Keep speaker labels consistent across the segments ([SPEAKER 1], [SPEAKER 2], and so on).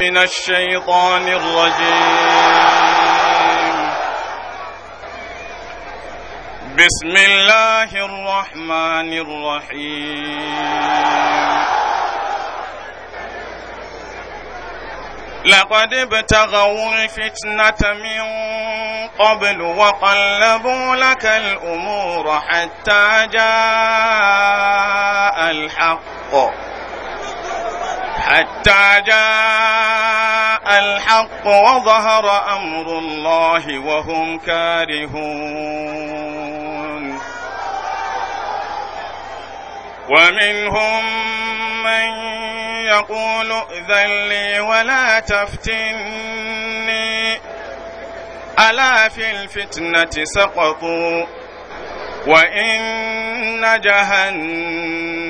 [SPEAKER 1] من الشيطان الرجيم بسم الله الرحمن الرحيم لقد ابتغوا الفتنة من قبل وقلبوا لك الأمور حتى جاء الحق حتى جاء الحق وظهر أمر الله وهم كارهون ومنهم من يقول ائذن لي ولا تفتني ألا في الفتنة سقطوا وإن جهنم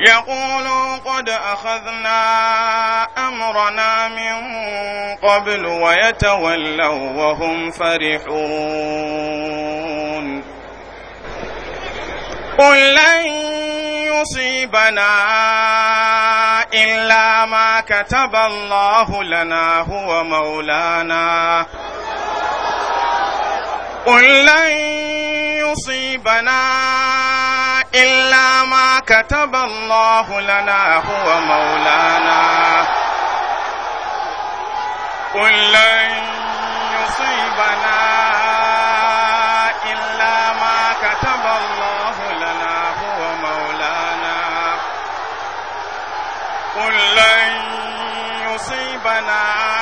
[SPEAKER 1] يقولوا قد أخذنا أمرنا من قبل ويتولوا وهم فرحون قل لن يصيبنا إلا ما كتب الله لنا هو مولانا قل لن يصيبنا إلا ما كتب الله لنا هو مولانا قل لن يصيبنا إلا ما كتب الله لنا هو مولانا قل لن يصيبنا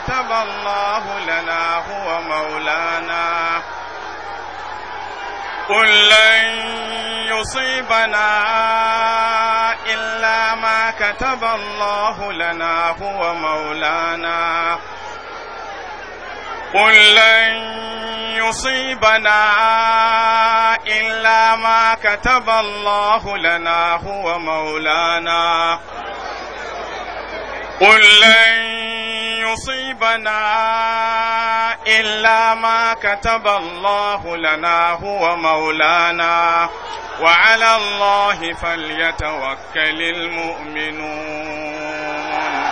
[SPEAKER 1] كتب الله لنا هو مولانا قل لن يصيبنا إلا ما كتب الله لنا هو مولانا قل لن يصيبنا إلا ما كتب الله لنا هو مولانا قل لن يصيبنا إلا ما كتب الله لنا هو مولانا وعلى الله فليتوكل المؤمنون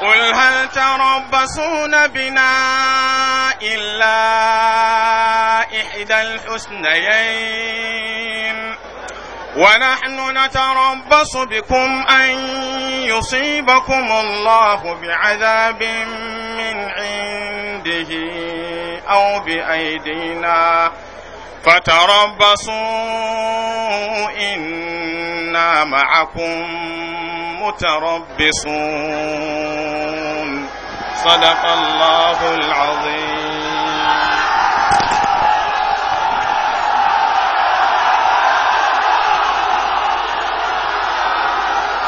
[SPEAKER 1] قل هل تربصون بنا إلا إحدى الحسنيين ونحن نتربص بكم أن يصيبكم الله بعذاب من عنده أو بأيدينا فتربصوا إنا معكم متربصون صدق الله العظيم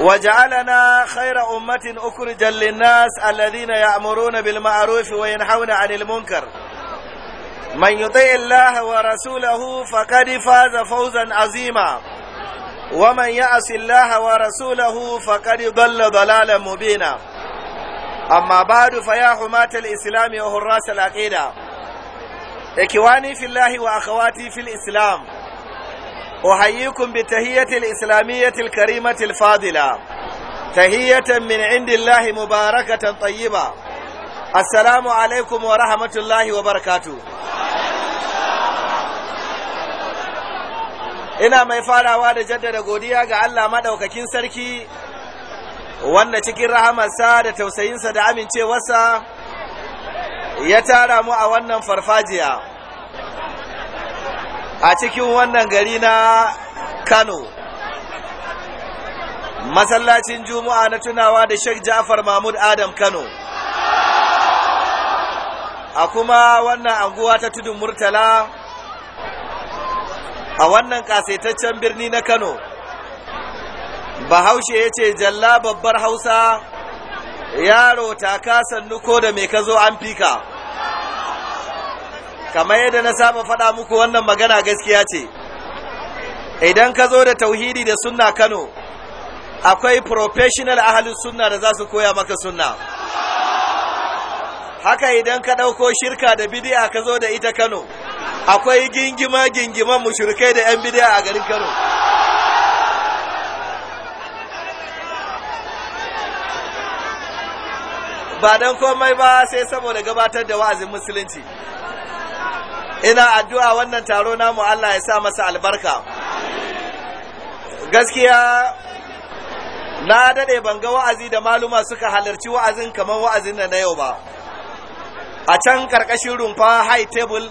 [SPEAKER 2] وجعلنا خير أمة أخرجا للناس الذين يأمرون بالمعروف وينحون عن المنكر من يطيع الله ورسوله فقد فاز فوزا عظيما ومن يعص الله ورسوله فقد ضل ضلالا مبينا أما بعد فيا حماة الإسلام وهراس العقيدة إخواني في الله وأخواتي في الإسلام أحييكم بتهية الإسلامية الكريمة الفاضلة تهية من عند الله مباركة طيبة السلام عليكم ورحمة الله وبركاته ina mai farawa da jaddada godiya ga Allah maɗaukakin sarki wanda cikin rahamarsa da tausayinsa da amincewarsa ya tara mu a wannan farfajiya a cikin wannan gari na kano masallacin juma'a na tunawa da sheikh ja'far mahmud adam kano a kuma wannan anguwa ta tudun murtala a wannan kasaitaccen birni na kano bahaushe ya ce jalla babbar hausa yaro ta kasan nuko da mai ka zo an fika kamar yadda na saba faɗa muku wannan magana gaskiya ce idan ka zo da tauhidi da sunna kano akwai professional ahalin sunna da za su koya maka sunna haka idan ka ɗauko shirka da bidiya ka zo da ita kano akwai gingima gingiman mushrikai da 'yan bidiya a garin kano ba don komai ba sai saboda gabatar da wa'azin musulunci ina addu'a wannan taro namu Allah ya sa masa albarka gaskiya na daɗe ban ga wa'azi da maluma suka halarci wa'azin kamar wa'azin da na yau ba a can karkashin rumfa high table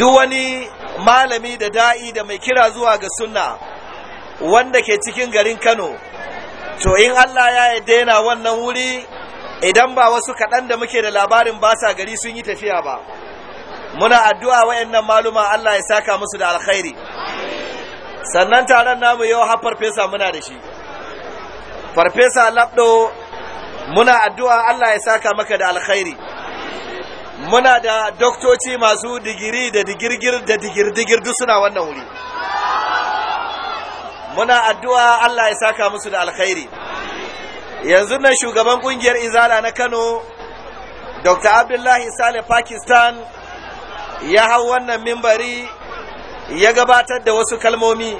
[SPEAKER 2] duk wani malami da da'i da mai kira zuwa ga sunna wanda ke cikin garin Kano to in Allah ya yarda yana wannan wuri idan ba wasu kaɗan da muke da labarin ba sa gari sun yi tafiya ba muna addu'a wayannan maluma Allah ya saka musu da alkhairi sannan taron namu yau har farfesa muna da shi farfesa labdo muna addu'a Allah ya saka maka da alkhairi muna da doktoci masu digiri da digirgir da digirdigir duk suna wannan wuri muna addu'a Allah ya saka musu da alkhairi yanzu nan shugaban kungiyar izala na Kano Dr. Abdullahi Sale Pakistan ya hau wannan mimbari ya gabatar da wasu kalmomi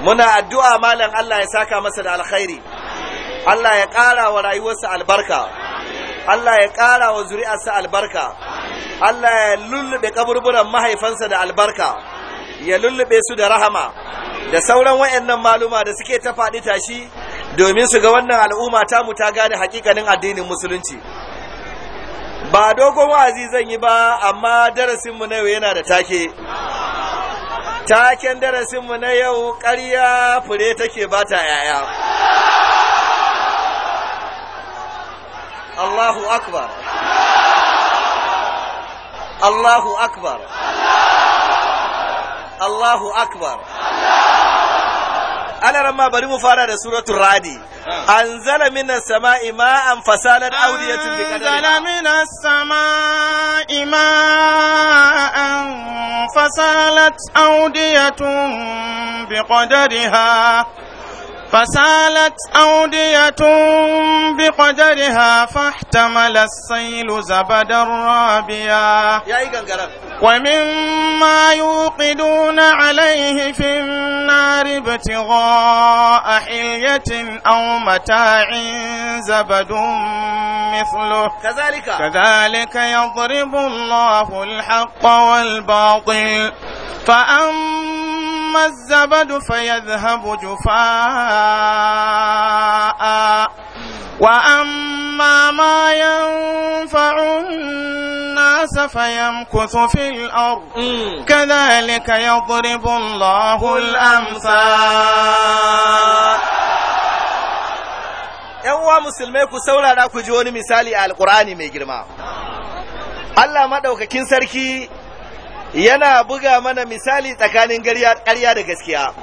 [SPEAKER 2] muna addu'a malam Allah ya saka masa da alkhairi Allah ya ƙara wa rayuwarsa albarka Allah ya ƙara wa zuri'arsa albarka Allah ya lullube kaburburan mahaifansa da albarka ya lullube su da rahama da sauran wayannan maluma da suke ta faɗi tashi domin su ga wannan al'umma ta mu ta gane hakikanin addinin musulunci ba dogon wa'azi zan yi ba amma darasinmu na yau yana da take taken darasinmu na yau karya fure take ba ta yaya Allahu akbar Allahu akbar Allahu akbar Ana ramma bari mu fara da suratul radi zala minas sama'i ma'an fasalat awdiyatun bi An zala
[SPEAKER 1] minas sama'i ma'an fasalat awdiyatun bi qadariha فسالت أودية بقدرها فاحتمل السيل زبدا رابيا ومما يوقدون عليه في النار ابتغاء حلية أو متاع زبد مثله كذلك كذلك يضرب الله الحق والباطل فأما أما الزبد فيذهب جفاء وأما ما ينفع الناس فيمكث في الأرض كذلك يضرب الله الأمثال uwa musulmai ku
[SPEAKER 2] saurara ku ji wani misali a alkur'ani mai girma Allah maɗaukakin sarki yana buga mana misali tsakanin ƙarya da gaskiya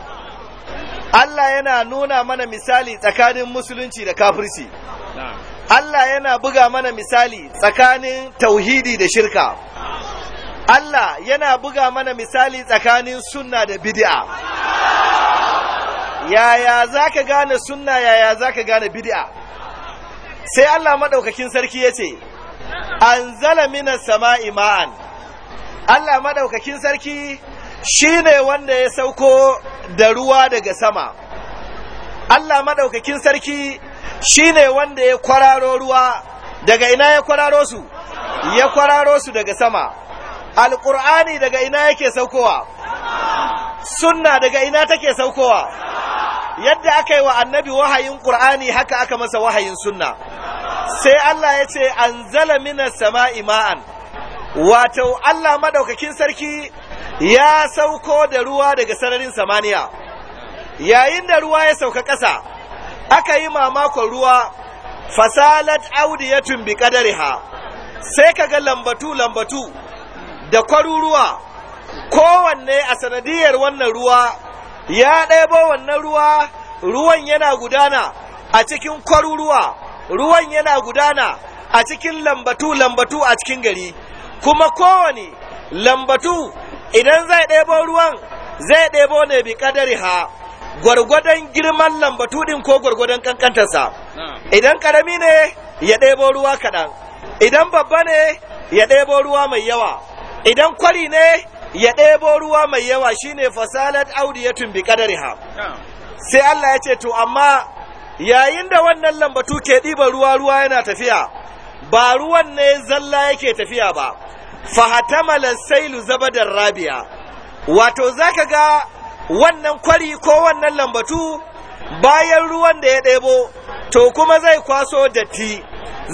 [SPEAKER 2] Allah yana nuna mana misali tsakanin musulunci da kafirci Allah yana buga mana misali tsakanin tauhidi da shirka Allah yana buga mana misali tsakanin sunna da bid'a yaya za ka gane sunna yaya za ka gane bid'a sai Allah maɗaukakin sarki ya ce an zala minas sama'i ma'an Allah madaukakin sarki shine wanda ya sauko da ruwa daga sama Allah madaukakin sarki shine wanda ya kwararo ruwa daga ina ya kwararo su ya kwararo su daga sama Al’ur'ani daga ina yake saukowa sunna daga ina take saukowa yadda aka yi wa annabi wahayin ƙur'ani haka aka masa wahayin sunna sai Allah ya ce an zala mina sama'i ma'an wato Allah madaukakin sarki ya sauko da ruwa daga sararin samaniya yayin da ruwa ya sauka ƙasa aka yi mamakon ruwa fasalat audiyatun bi ƙadariha. sai ka ga lambatu lambatu da kwaruruwa kowanne a sanadiyar wannan ruwa ya ɗaibo wannan ruwa ruwan yana gudana a cikin kwaruruwa ruwan yana gudana a cikin lambatu lambatu a cikin gari kuma kowane lambatu idan zai ɗebo ruwan zai ɗebo ne bi ƙadari ha gwargwadon girman lambatu ɗin ko gwargwadon kankantarsa idan ƙarami ne ya ɗebo ruwa kaɗan idan babba ne ya ɗebo ruwa mai yawa idan kwari ne ya ɗebo ruwa mai yawa shine fasalat audiyatun bi ƙadari ha sai Allah ya ce to amma yayin da wannan lambatu ke ɗiba ruwa ruwa yana tafiya ba ruwan ne zalla yake tafiya ba fahatamala sailu zabadar Rabi'a, wato zaka ga wannan kwari ko wannan lambatu bayan ruwan da ya ɗebo to kuma zai kwaso datti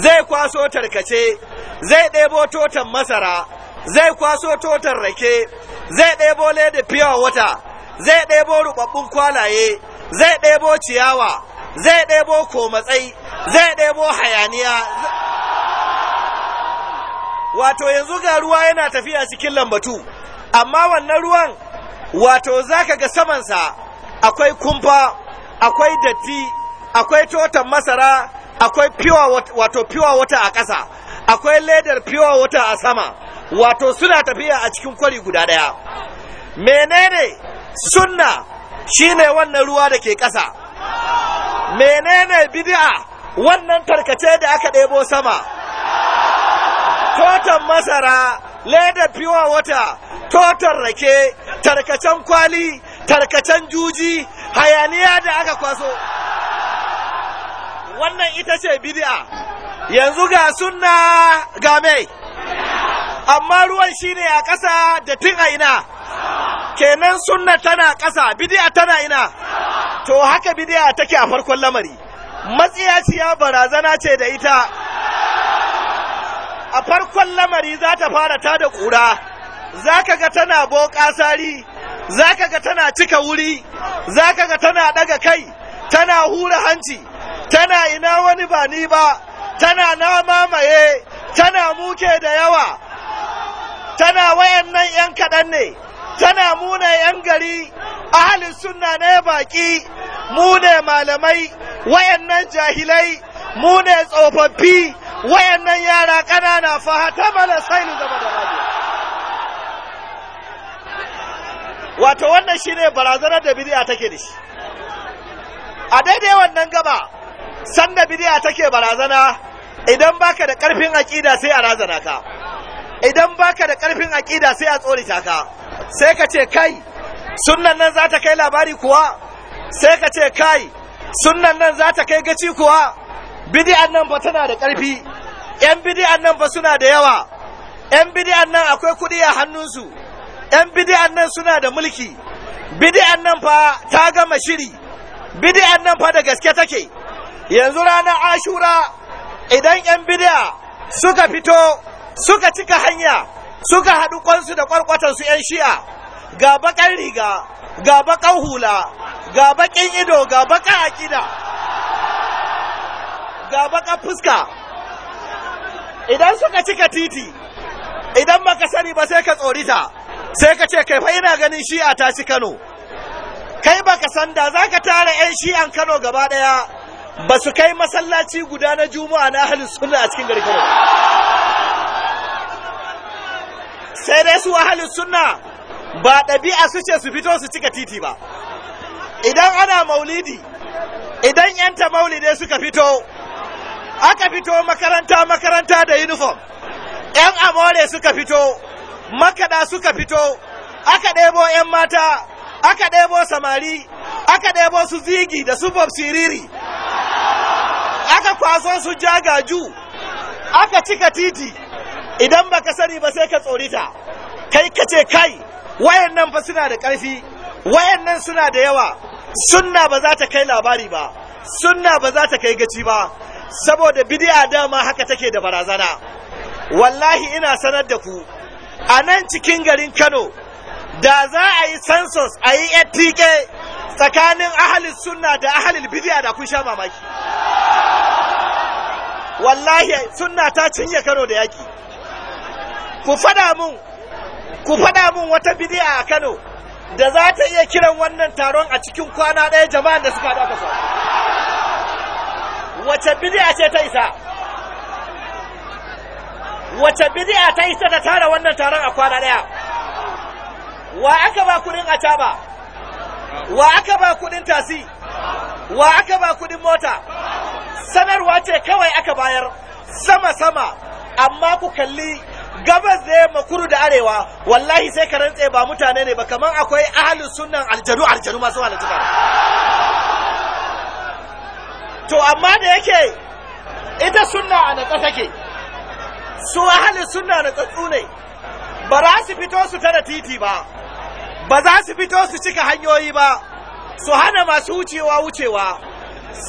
[SPEAKER 2] zai kwaso tarkace zai ɗebo totan masara zai kwaso totan rake zai ɗebo leda fiyawa wata zai ɗebo rubabbun kwalaye zai ɗebo ciyawa zai ɗebo komatsai zai ɗebo hayaniya wato yanzu ga ruwa yana tafiya cikin lambatu amma wannan ruwan wato zaka ga samansa akwai kumfa akwai datti akwai totan masara akwai pure wato pure water a ƙasa akwai ledar pure water a sama wato suna tafiya a cikin kwari guda ɗaya menene sunna shine wannan ruwa da ke ƙasa menene bid'a wannan tarkace da aka ɗebo sama Totan masara leda fiwa wata toton rake tarkacen kwali tarkacen juji hayaniya da aka kwaso wannan ita ce bid'a yanzu ga sunna ga mai amma ruwan shine a ƙasa da tun a ina kenan sunna tana ƙasa bid'a tana ina to haka bid'a take a farkon lamari Matsiya ciya barazana ce da ita a farkon lamari za ta fara ta da ƙura za ka ga tana boƙasari za ka ga tana cika wuri za ka ga tana ɗaga kai tana hura hanci tana ina wani ba ni ba tana na mamaye tana muke da yawa tana wayan nan 'yan kaɗan ne tana muna 'yan gari ahalin sunna ne baƙi Mune malamai wayan nan jahilai Mune tsofaffi wayannan yara ƙanana fa hatamala sailin zama da rabiya wato wannan shine barazanar da bidiya take da shi a daidai wannan gaba san da bidiya take barazana idan baka da karfin aqida sai a razana ka idan baka da karfin aqida sai a tsorita ka sai ka ce kai sunnan nan za ta kai labari kuwa sai ka ce kai sunnan nan za ta kai gaci kuwa bidiyan nan fa tana da karfi ‘yan bidiyan nan ba suna da yawa, ‘yan bidiyan nan akwai kuɗi a hannunsu, ‘yan bidiyan nan suna da mulki, bidiyan nan fa ta gama shiri, bidiyan nan fa da gaske take, yanzu ranar ashura idan ‘yan bidi'a suka fito, suka cika hanya, suka haɗu kwansu da kwarkwatansu ‘yan shi'a, ga baƙar riga, ga baƙar hula, ga baƙin ido, ga baƙar ƙida ga baƙar fuska. idan suka cika titi idan baka sani ba sai ka tsorita sai ka ce kai fa ina ganin shi'a ta ci Kano kai baka san da zaka tara yan shi'an Kano gaba daya ba su kai masallaci guda na juma'a na ahlus sunna a cikin garin sai dai su ahlus sunna ba ɗabi'a su ce su fito su cika titi ba idan ana maulidi idan yanta maulidi suka fito aka fito makaranta makaranta da uniform ‘yan amore suka fito makada suka fito aka ɗebo ‘yan mata aka ɗebo samari aka ɗebo su zigi da su bob siriri aka kwaso su jagaju aka cika titi idan baka sani ba sai ka tsorita kai ka ce kai wayan nan fa suna da ƙarfi wayan nan suna da yawa sunna ba za ta kai labari ba sunna ba za ta kai gaci ba saboda bidiya dama haka take da barazana wallahi ina sanar da ku a nan cikin garin kano da za a yi census a yi ftk tsakanin ahalin sunna da ahalin bidi'a da kun sha mamaki wallahi sunna ta cinye kano da yaki ku fada mun ku fada mun wata bidiya a kano da za ta iya kiran wannan taron a cikin kwana ɗaya jama'an da suka haɗa kasa wace bid'a ce ta isa wace bid'a ta isa da tara wannan taron a kwana daya wa aka ba kudin ataba wa aka ba kudin tasi wa aka ba kudin mota sanarwa ce kawai aka bayar sama sama amma ku kalli gabas da ya makuru da arewa wallahi sai ka rantse ba mutane ne ba kamar akwai ahalus sunnan aljanu aljanu masu halatta to amma da yake ita sunna a natsa take su ahalin sunna da tsatsu ne ba za su fito su tara titi ba ba za su fito su cika hanyoyi ba su hana masu wucewa wucewa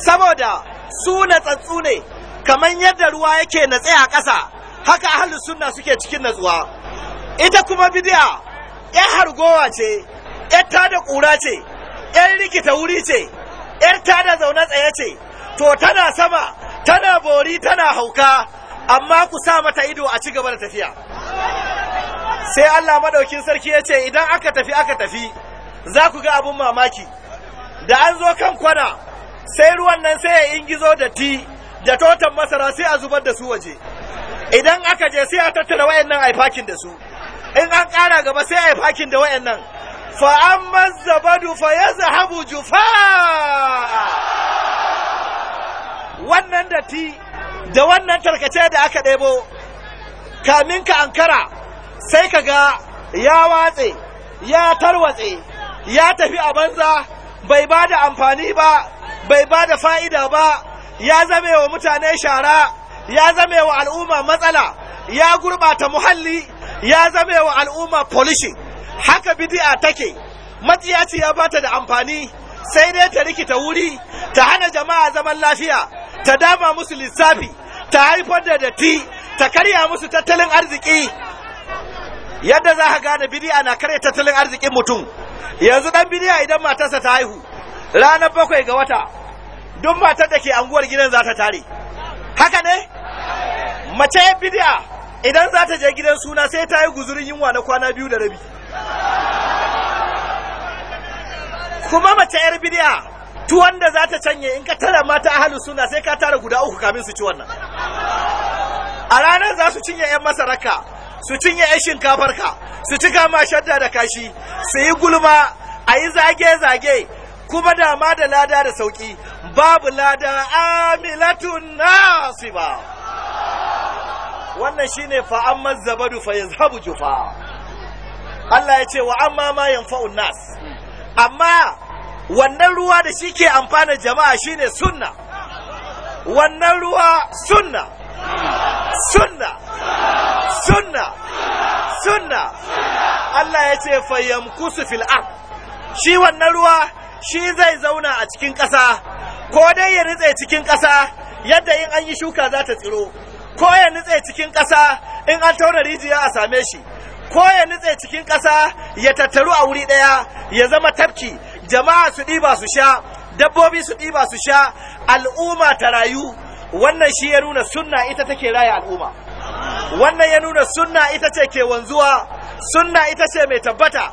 [SPEAKER 2] saboda su na tsatsu ne kamar yadda ruwa yake na a ƙasa haka ahalin suna suke cikin natsuwa ita kuma bidiya 'yan hargowa ce 'yan tada ƙura ce 'yan rikita wuri ce 'yan tada zaune tsaye ce to tana sama tana bori tana hauka amma ku sa mata ido a ci gaba da tafiya sai Allah madaukin sarki ya ce idan aka tafi aka tafi za ku ga abin mamaki da an zo kan kwana sai ruwan nan sai ya ingizo da ti da totan masara sai a zubar da su waje idan aka je sai a tattara wayannan ai fakin da su in an ƙara gaba sai ai da wayannan fa amma zabadu fa yazhabu jufa wannan datti da wannan tarkace da aka ɗebo kamin ka ankara sai ka ga ya watse ya tarwatse ya tafi a banza bai ba da amfani ba bai ba da fa'ida ba ya zame wa mutane shara ya zame wa al'umma matsala ya gurbata muhalli ya zame wa al'umma polishin haka bidi'a take matsiyaci ya bata da amfani sai dai ta rikita wuri ta hana jama'a zaman lafiya ta dama musu lissafi ta haifar da datti ta karya musu tattalin arziki yadda za ka gane bidiya na karya tattalin arzikin mutum yanzu dan bidiya idan matarsa ta haihu ranar bakwai ga wata duk matar da ke anguwar gidan za ta tare haka ne mace bidiya idan za ta je gidan suna sai ta yi guzurin yunwa na kwana biyu da rabi kuma mace yar bidiya tuwon da za ta canye in ka tara mata ahalu suna sai ka tara guda uku kamin su ci wannan a ranar za su cinye yan masaraka su cinye yan shinkafarka su ci kama shadda da kashi su yi gulma a yi zage-zage kuma dama da lada da sauki babu lada amilatun nasiba wannan shine fa'amman zabadu fa yazhabu jufa Allah ya ce wa amma ma yanfa'un nas amma wannan ruwa da shi ke amfana jama'a shine sunna wannan ruwa sunna sunna sunna sunna Allah ya ce fayyam fil ard shi wannan ruwa shi zai zauna a cikin ƙasa ko dai ya nutse cikin ƙasa yadda in an yi shuka za ta tsiro ko ya nutse cikin ƙasa in an tauna rijiya a same shi ko ya nutse cikin ƙasa ya tattaru a wuri ɗaya ya zama tafki jama'a su ɗiba su sha dabbobi su ɗiba su sha al'umma ta rayu wannan shi ya nuna sunna ita take raya al'umma wannan ya nuna sunna ita ce ke wanzuwa sunna ita ce mai tabbata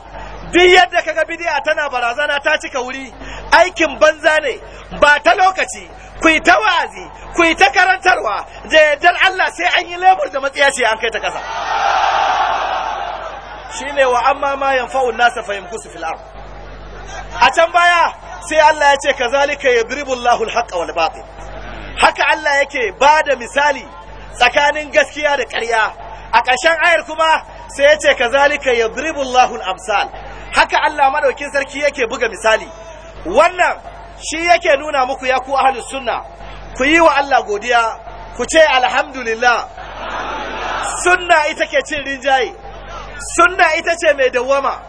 [SPEAKER 2] duk yadda kaga bidiya tana barazana ta cika wuri aikin banza ne ba ta lokaci ku yi ta wazi ku yi ta karantarwa da yardar Allah sai an yi lebur da matsiya ce an kai ta kasa shine wa amma ma yanfa'un nasa fahimku su ard a can baya sai Allah ya ce kazalika yadribu Allahu al-haqqa wal batil haka Allah yake da misali tsakanin gaskiya da ƙarya a ƙarshen ayar kuma sai ya ce kazalika yadribu Allahu al-amsal haka Allah madaukin sarki yake buga misali wannan shi yake nuna muku ya ku ahlus sunna ku yi wa Allah godiya ku ce alhamdulillah sunna ita ke cin rinjaye sunna ita ce mai dawwama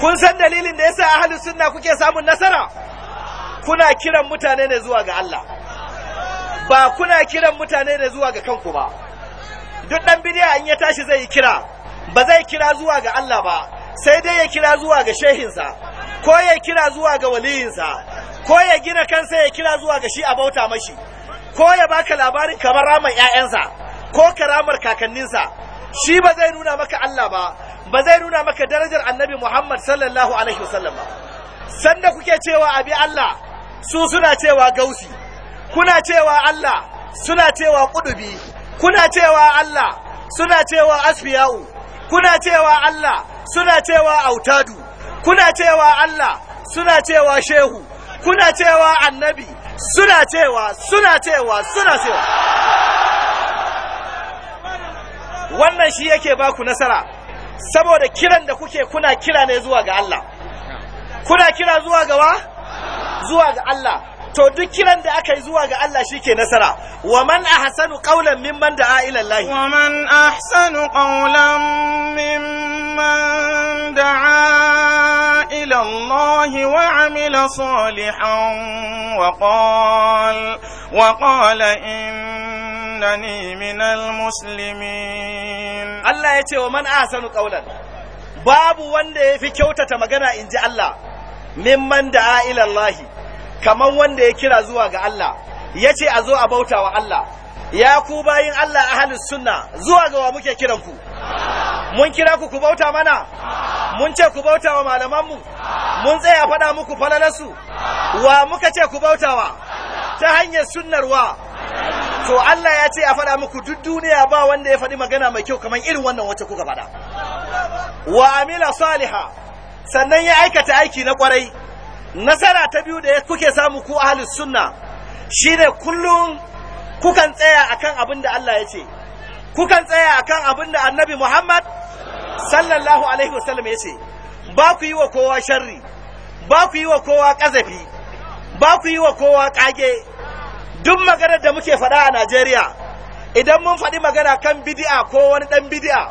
[SPEAKER 2] kun san dalilin da yasa ahlus sunna kuke samun nasara kuna kiran mutane ne zuwa ga Allah ba kuna kiran mutane ne zuwa ga kanku ba duk dan bidiya in ya tashi zai kira ba zai kira zuwa ga Allah ba sai dai ya kira zuwa ga shehinsa ko ya kira zuwa ga waliyinsa ko ya gina kansa ya kira zuwa ga shi a bauta mashi ko ya baka labarin kamar ramar 'ya'yansa ko karamar kakanninsa shi ba zai nuna maka Allah ba ba zai nuna maka darajar annabi Muhammad sallallahu alaihi wasallam ba sanda kuke cewa abi Allah su suna cewa gausi kuna cewa Allah suna cewa kudubi kuna cewa Allah suna cewa asfiya'u kuna cewa Allah suna cewa autadu kuna cewa Allah suna cewa shehu kuna cewa annabi suna cewa suna cewa suna cewa wannan shi yake ba ku nasara saboda kiran da kuke kuna kira ne zuwa ga Allah kuna kira zuwa ga wa zuwa ga Allah to duk kiran da aka yi zuwa ga Allah shi ke nasara wa man ahsanu qawlan
[SPEAKER 1] mimman da'a ila Allah wa man ahsanu qawlan mimman da'a ila Allah wa amila salihan wa qala wa qala in innani minal muslimin Allah ya ce wa man asanu qawlan
[SPEAKER 2] babu wanda yafi kyautata magana inji Allah mimman da'a ila Allah kaman wanda ya kira zuwa ga Allah yace a zo a bauta wa Allah ya ku bayin Allah ahlus sunna zuwa ga wa muke kiran ku mun kira ku ku bauta mana mun ce ku bauta wa malaman mu mun tsaya faɗa muku falalarsu wa muka ce ku bauta wa ta hanyar sunnar wa to Allah ya ce a faɗa muku duk duniya ba wanda ya faɗi magana mai kyau kamar irin wannan wacce kuka faɗa wa amila saliha sannan ya aikata aiki na kwarai nasara ta biyu da ya kuke samu ku ahlus sunna shine kullum kukan tsaya akan abin da Allah ya ce kukan tsaya akan abin da annabi Muhammad sallallahu alaihi wasallam ya ce ba ku yi wa kowa sharri ba ku yi wa kowa ƙazafi ba ku yi wa kowa ƙage duk maganar da muke faɗa a Najeriya idan mun faɗi magana kan bidi'a ko wani ɗan bidi'a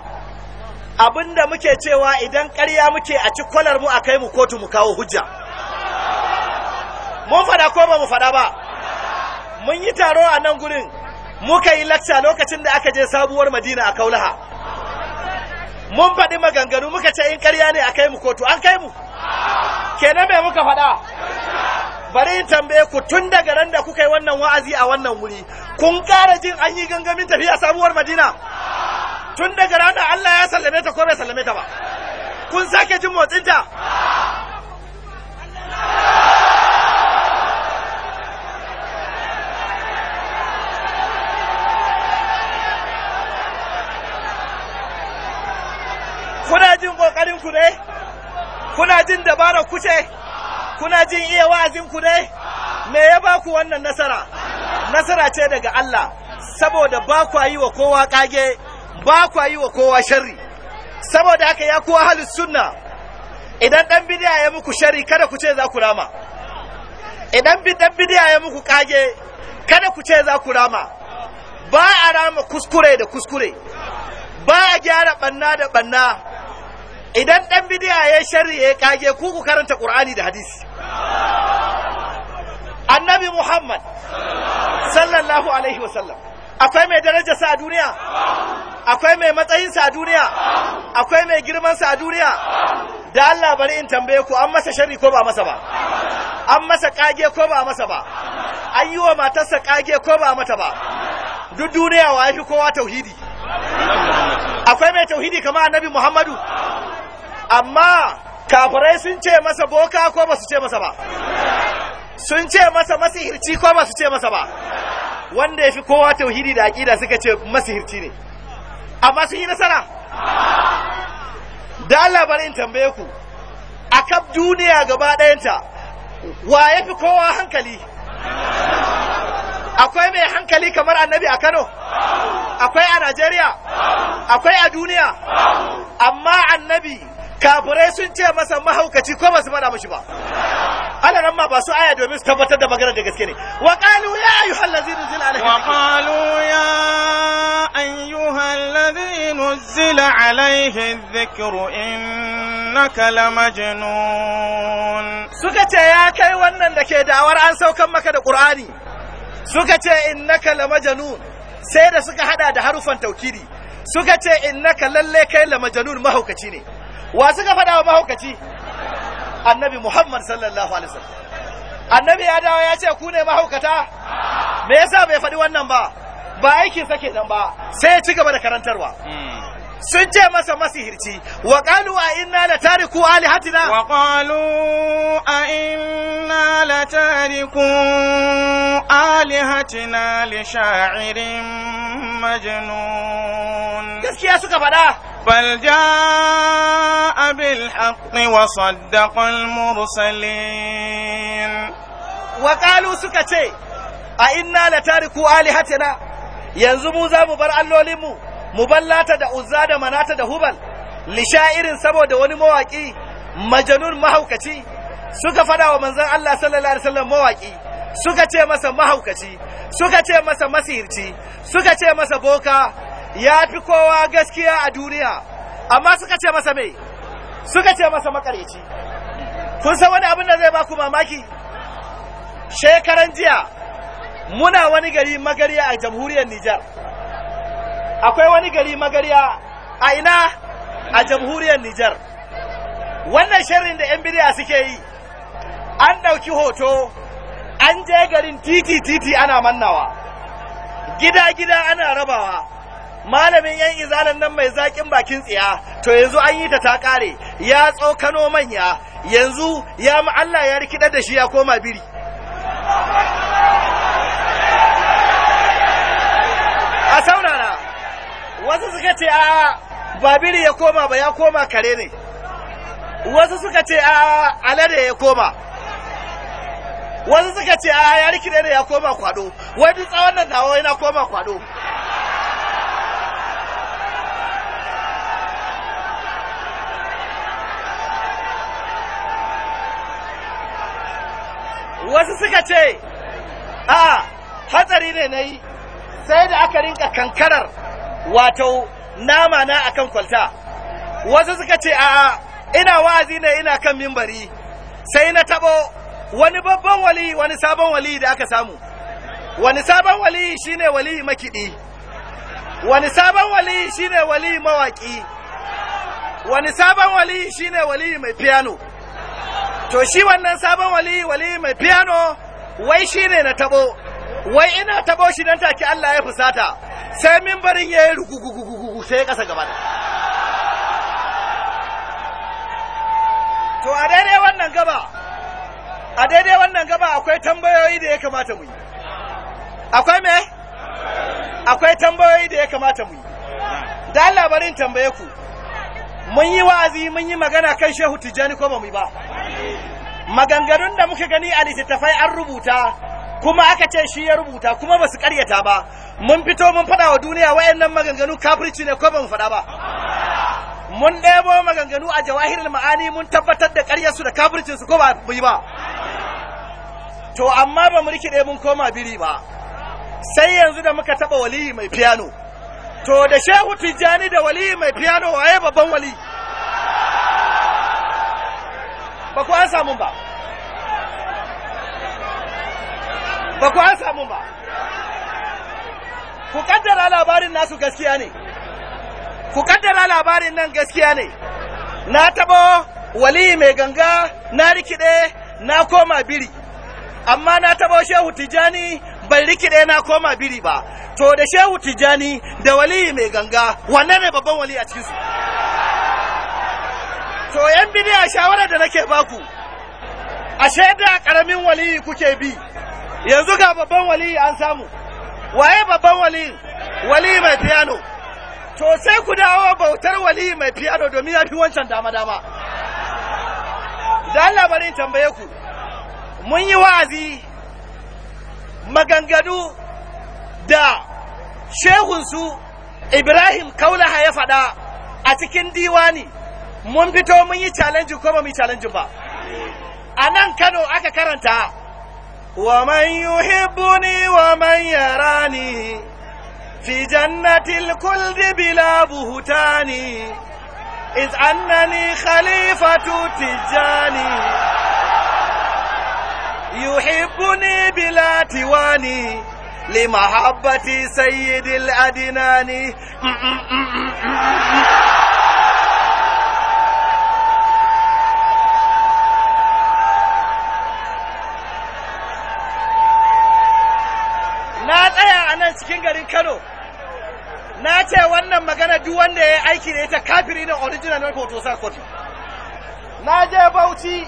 [SPEAKER 2] abinda muke cewa idan ƙarya muke a ci kwalar mu a kai mu kotu mu kawo hujja mun faɗa ko ba mu faɗa ba mun yi taro a nan gurin muka yi lakca lokacin da aka je sabuwar madina a kaulaha mun faɗi maganganu muka ce in ƙarya ne a kai mu kotu an kai mu kenan me muka faɗa bari in tambaye ku tun daga ran da kuka yi wannan wa'azi a wannan wuri kun ƙara jin an yi gangamin tafiya sabuwar madina tun daga ran da Allah ya sallame ta ko bai sallame ta ba kun sake jin motsin ta kuna jin kokarin ku ne kuna jin dabarar ku ce kuna jin iya wa'azin ku dai me ya ba ku wannan nasara nasara ce daga Allah saboda ba ku yi wa kowa kage ba ku yi wa kowa sharri saboda haka ya kuwa halin sunna idan dan bidiya ya muku sharri kada ku ce za ku rama idan ɗan bidiya ya muku kage kada ku ce za ku rama ba a rama kuskure da kuskure ba a gyara banna da banna idan ɗan bidiya ya shari'a ya kage ku ku karanta ƙur'ani da hadisi annabi muhammad sallallahu alaihi wasallam akwai mai darajarsa a duniya akwai mai matsayinsa a duniya akwai mai girmansa a duniya da allah bari in tambaye ku an masa shari ko ba masa ba an masa kage ko ba masa ba an yi wa matarsa kage ko ba mata ba duk duniya wa ya fi kowa tauhidi akwai mai tauhidi kama annabi muhammadu amma kafirai sun ce masa boka ko ba su ce masa ba sun ce masa masihirci ko ba su ce masa ba wanda ya fi kowa tauhidi da aƙida suka ce masihirci ne amma sun yi nasara da Allah bari in tambaye ku a kaf duniya gaba ɗayanta wa ya fi kowa hankali akwai mai hankali kamar annabi a Kano akwai a Najeriya akwai a duniya amma annabi kafirai sun ce masa mahaukaci ko ba su faɗa mashi ba ana nan ma ba su aya domin
[SPEAKER 1] su tabbatar da magana da gaske ne
[SPEAKER 2] wa qalu ya ayyuhal ladzi nuzila alaihi wa qalu
[SPEAKER 1] ya ayyuhal ladzi nuzila alayhi dhikru innaka lamajnun suka ce ya kai wannan da ke
[SPEAKER 2] dawar an saukan maka da qur'ani suka ce innaka lamajnun sai da suka hada da harufan taukiri suka ce innaka lalle kai lamajnun mahaukaci ne wa suka faɗa wa mahaukaci annabi muhammad sallallahu alaihi annabi ya dawo ya ce ku ne mahaukata me yasa bai faɗi wannan ba ba aikin sake nan ba sai ya ci gaba da karantarwa hmm. sun ce masa masihirci wa qalu a inna
[SPEAKER 1] la tariku alihatina wa qalu a inna la tariku Ali Hatina li sha'irin majnun gaskiya suka faɗa bal jaa bil haqqi wa saddaqa al mursalin wa qalu suka ce a inna la tariku Ali Hatina yanzu mu
[SPEAKER 2] za mu bar allolinmu muballata da uzza da manata da hubal lishairin saboda wani mawaki majanun mahaukaci suka fada wa manzon Allah sallallahu alaihi wasallam mawaki suka ce masa mahaukaci suka ce masa masihirci suka ce masa boka ya fi kowa gaskiya a duniya amma suka ce masa mai suka ce masa makareci kun san wani abin da zai baku mamaki shekaran jiya muna wani gari magari a jamhuriyar Nijar akwai wani gari magariya a ina a jamhuriyar Nijar wannan shirin da 'yan bidiya suke yi an ɗauki hoto an je garin titi-titi ana mannawa gida-gida ana rabawa malamin yan izalan nan mai zaƙin bakin tsiya to yanzu an yi ta ta ƙare ya kano manya yanzu ya Allah ya rikidar da shi ya koma biri wasu suka ce a babiri ya koma ba ya koma kare ne wasu suka ce a alade ya koma wasu suka ce a ya rikide ne ya koma kwado wai duk tsawon nan nawa yana koma kwado wasu suka ce a hatsari ne na yi sai da aka rinka kankarar wato nama na akan kwalta wasu suka ce a ina wa'azi ne ina kan mimbari sai na tabo wani babban wali wani sabon wali da aka samu wani sabon wali shine wali makidi wani sabon wali shine wali mawaki wani sabon wali shine wali mai piano to shi wannan sabon wali wali mai piano wai shine na tabo wai ina tabo shi nan take Allah ya fusata sai barin ya yi rugugugugugu sai ya kasa gaba to a daidai wannan gaba a daidai wannan gaba akwai tambayoyi da ya kamata mu yi akwai me akwai tambayoyi da ya kamata mu yi da Allah barin tambaye ku mun yi wa'azi mun yi magana kan Shehu Tijjani ko ba mu yi ba maganganun da muka gani a littattafai an rubuta kuma aka ce shi ya rubuta kuma ba su karyata ba mun fito mun faɗa wa duniya wayannan maganganu kafirci ne ko ba mu faɗa ba mun ɗebo maganganu a jawahirul ma'ani mun tabbatar da su da kafircinsu ko ba yi ba to amma ba mu rikide mun koma biri ba sai yanzu da muka taɓa waliyi mai fiyano to da shehu tijjani da waliyi mai fiyano waye babban wali ba ku an samu ba ba ku an samu ba ku kaddara labarin nasu gaskiya ne ku kaddara labarin nan gaskiya ne na tabo wali mai ganga na rikide na koma biri amma na tabo shehu tijani bai rikide na koma biri ba to da shehu tijani da wali mai ganga wanne ne babban wali a cikinsu to yan bidiya shawarar da nake baku ashe da karamin wali kuke bi yanzu ga babban waliyi an samu waye babban waliyi waliyi mai piano to sai ku dawo bautar waliyi mai piano domin ya fi wancan dama-dama da Allah bari tambaye ku mun yi wa'azi maganganu da shehunsu ibrahim kaulaha ya faɗa a cikin diwani mun fito mun yi challenge ko ba mu yi challenge ba a nan kano aka karanta ومن يحبني ومن يراني في جنة الكلد بلا بهتاني إذ أنني خليفة تجاني يحبني بلا تواني لمحبة سيد الأدناني cikin garin Kano na ce wannan magana duk wanda ya aiki da ita kafiri ne original hoto sa kotu na je Bauchi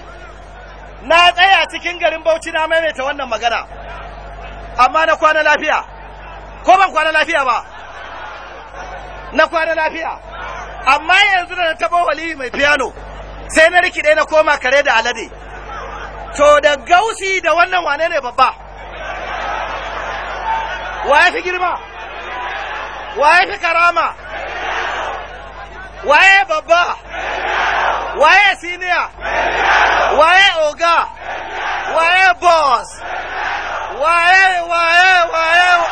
[SPEAKER 2] na tsaya cikin garin Bauchi na maimaita wannan magana amma na kwana lafiya ko ban kwana lafiya ba na kwana lafiya amma yanzu da na taba wali mai piano sai na rikide na koma kare da alade to da gausi da wannan wane ne babba waye fi girma waye fi karama waye babba waye siniya waye oga waye boss
[SPEAKER 3] waye waye waye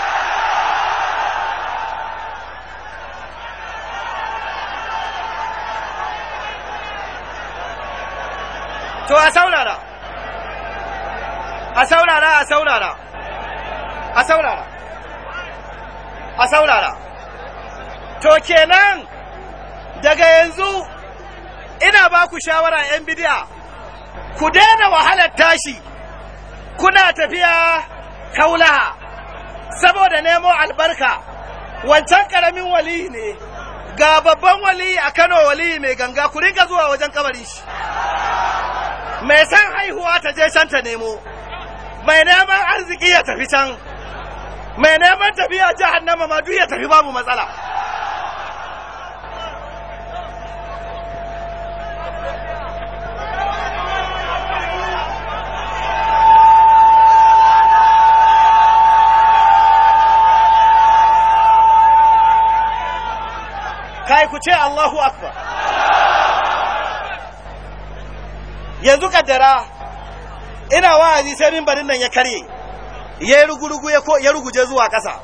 [SPEAKER 2] to a saurara a saurara a saurara a saurara a saurara to kenan daga yanzu ina ba ku shawara 'yan bidiya ku daina wahalar tashi kuna tafiya kaulaha saboda nemo albarka wancan karamin wali ne ga babban wali a kano wali mai ganga ku ringa zuwa wajen kabari shi mai san haihuwa ta je can ta nemo mai neman arziki ya tafi can mai neman tafiya jahannama ma duk ya tafi babu matsala kai ku ce Allahu Akbar yanzu kaddara ina wa'azi sai mimbarin nan ya karye ya yi rugurugu ya ruguje zuwa ƙasa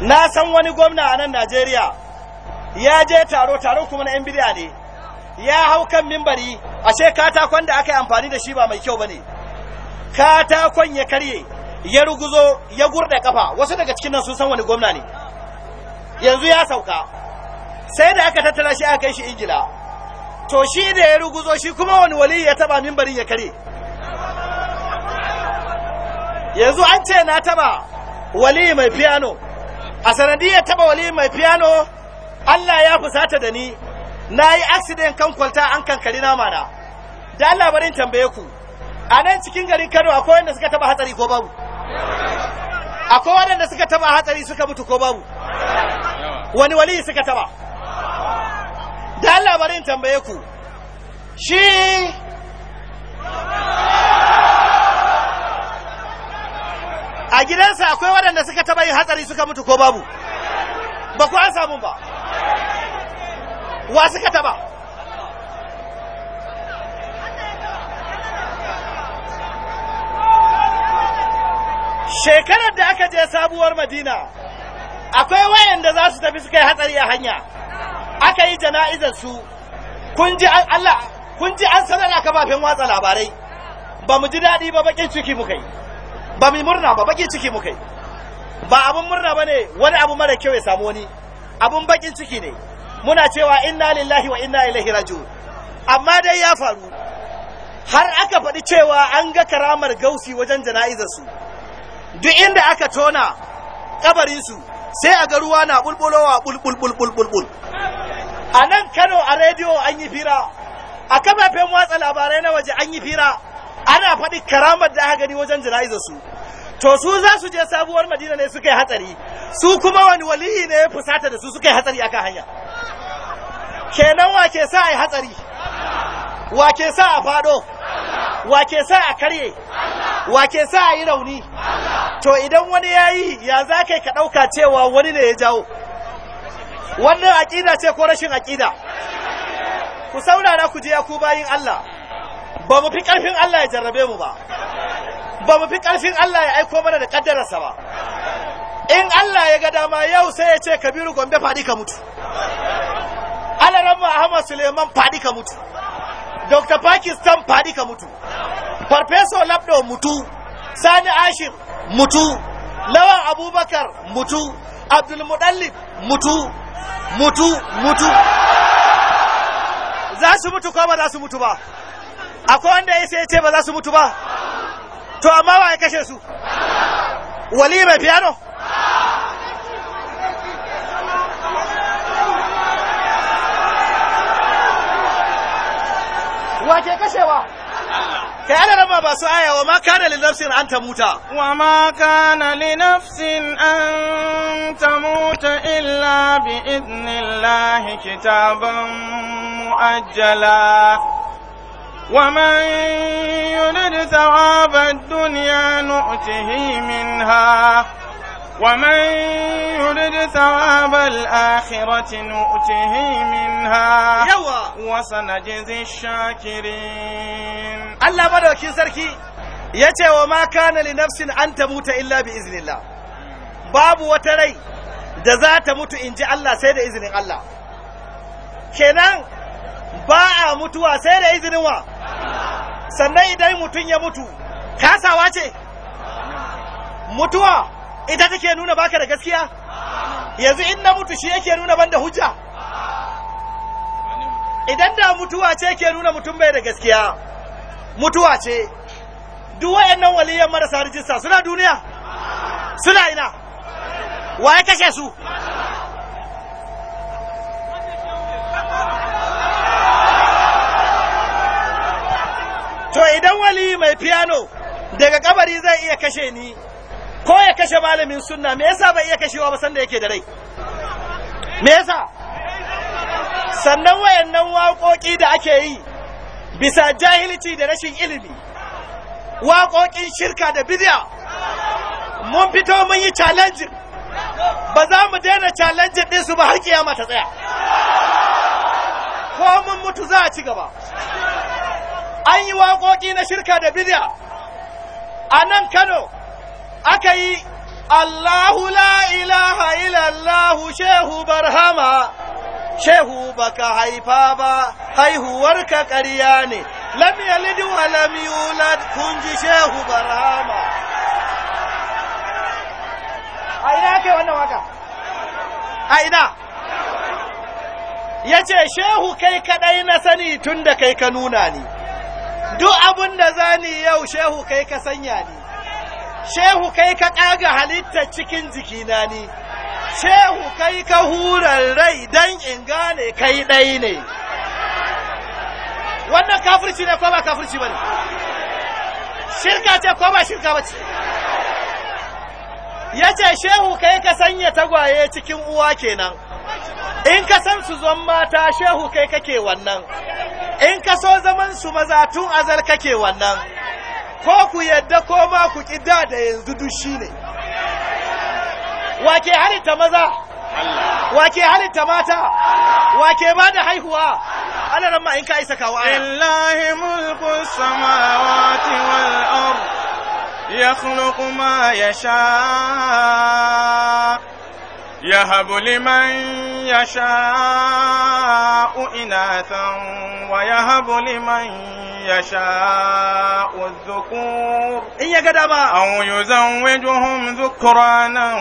[SPEAKER 2] na san wani gwamna a nan najeriya ya je taro taro kuma na 'yan ne ya hau kan mimbari ashe katakon da aka yi amfani da shi ba mai kyau ba ne katakon ya karye ya ruguzo ya gurɗa kafa wasu daga cikin nan sun san wani gwamna ne yanzu ya sauka sai da aka tattara shi aka kai shi ingila to shi da ya ruguzo shi kuma wani wali ya taba mimbarin ya karye. yanzu an ce na taba wali mai piano a sanadiyar taba wali mai piano Allah ya fusata da ni na yi accident kan kwalta an kankari na mana da Allah barin tambaye ku a nan cikin garin Kano akwai wanda suka taba hatsari ko babu akwai wanda suka taba hatsari suka mutu ko babu wani wali suka taba da Allah barin tambaye ku shi a gidansa akwai waɗanda suka taɓa yin hatsari suka mutu ko babu ba ku an samu ba wa suka taɓa shekarar da aka je sabuwar madina akwai wayanda za su tafi suka yi hatsari a hanya aka yi jana'izar su kun ji an sanar aka bafin watsa labarai ba mu ji daɗi ba bakin ciki muka yi ba mu murna ba baki ciki mu kai ba abun murna ba ne wani abu mara kyau ya samu wani abun bakin ciki ne muna cewa inna lillahi wa inna ilaihi raji'un amma dai ya faru har aka faɗi cewa an ga karamar gausi wajen jana'izarsu duk inda aka tona kabarinsu sai a ga ruwa na bulbulowa bulbulbulbulbul a nan kano a rediyo an yi fira a kafafen watsa labarai na waje an yi fira ana faɗi karamar da aka gani wajen jana'izar su to su za su je sabuwar madina ne suka yi hatsari su kuma wani waliyi ne ya fusata da su suka yi hatsari akan hanya kenan wa ke sa a yi hatsari wa ke sa a fado wa ke sa a karye wa ke sa a yi rauni to idan wani ya yi ya za ka ka ɗauka cewa wani ne ya jawo wannan aƙida ce ko rashin aƙida ku saurara ku je ya ku bayin Allah ba mu fi ƙarfin Allah ya jarrabe mu ba ba mu fi ƙarfin Allah ya aiko mana da ƙaddararsa ba in Allah ya ga dama yau sai ya ce kabiru gombe faɗi ka mutu alaramma ahmad suleiman faɗi ka mutu dr pakistan faɗi ka mutu farfeso labdo mutu sani ashir mutu lawan abubakar mutu Abdul abdulmudallib mutu mutu mutu za su mutu ko ba za su mutu ba akwai wanda ya sai ce ba za su mutu ba to amma ba ya kashe su wali mai piano
[SPEAKER 1] kashe kashewa kai ana raba ba su aya wa ma kana li nafsin an muta wa ma kana li nafsin an muta illa bi idnillahi kitaban muajjala ومن يرد ثواب الدنيا نؤته منها ومن يرد ثواب الآخرة نؤته منها وسنجزي الشاكرين
[SPEAKER 2] الله بدرك سركي yace wa ma kana li nafsin an tabuta illa bi iznillah babu wata rai da za ta mutu inji Allah sai da izinin Allah kenan ba a mutuwa sai da izinin wa sannan idan mutum ya mutu kasawa ce mutuwa ita take nuna baka da gaskiya yanzu in na mutu shi yake nuna ban da hujja idan da mutuwa ce ke nuna mutum bai da gaskiya mutuwa ce duk wayannan waliyan marasa rijista suna duniya suna ina wa ya kashe su to idan wali mai piano daga kabari zai iya kashe ni ko ya kashe malamin sunna me yasa bai iya kashewa ba sanda yake da rai me yasa sannan wayannan waƙoƙi da ake yi bisa jahilci da rashin ilimi waƙoƙin shirka da bidiya mun fito mun yi challenging ba za mu daina challenging ɗinsu ba har kiyama ta tsaya ko mun mutu za a ci gaba an yi waƙoƙi na shirka da bidya a nan kano aka yi allahu la ilaha illallahu shehu barhama shehu baka haifa ba haihuwarka ƙarya ne lam yalid wa lam yulad kun ji shehu barhama a ina kai wannan waka a ina ya ce shehu kai kaɗai na sani tun da kai ka nuna ni duk abin da ni yau shehu kai ka sanya ni shehu kai ka ƙaga halitta cikin jikina ni shehu kai ka hurar rai don in gane kai ɗai ne wannan kafirci ne ko ba kafirci ba ne shirka ce ko ba shirka ba ce ya ce shehu kai ka sanya tagwaye cikin uwa kenan in ka san su zon mata shehu kai kake wannan in ka so zaman su maza tun azal kake wannan ko ku yadda ko ma ku kidda da yanzu duk ne wake halitta maza wake halitta mata wake ba da haihuwa Allah ramma ma in ka isa kawo aya
[SPEAKER 1] Allahu mulku samawati wal ard yakhluqu ma yasha يهب لمن يشاء إناثا ويهب لمن يشاء الذكور إن يقدبا أو يزوجهم ذكرانا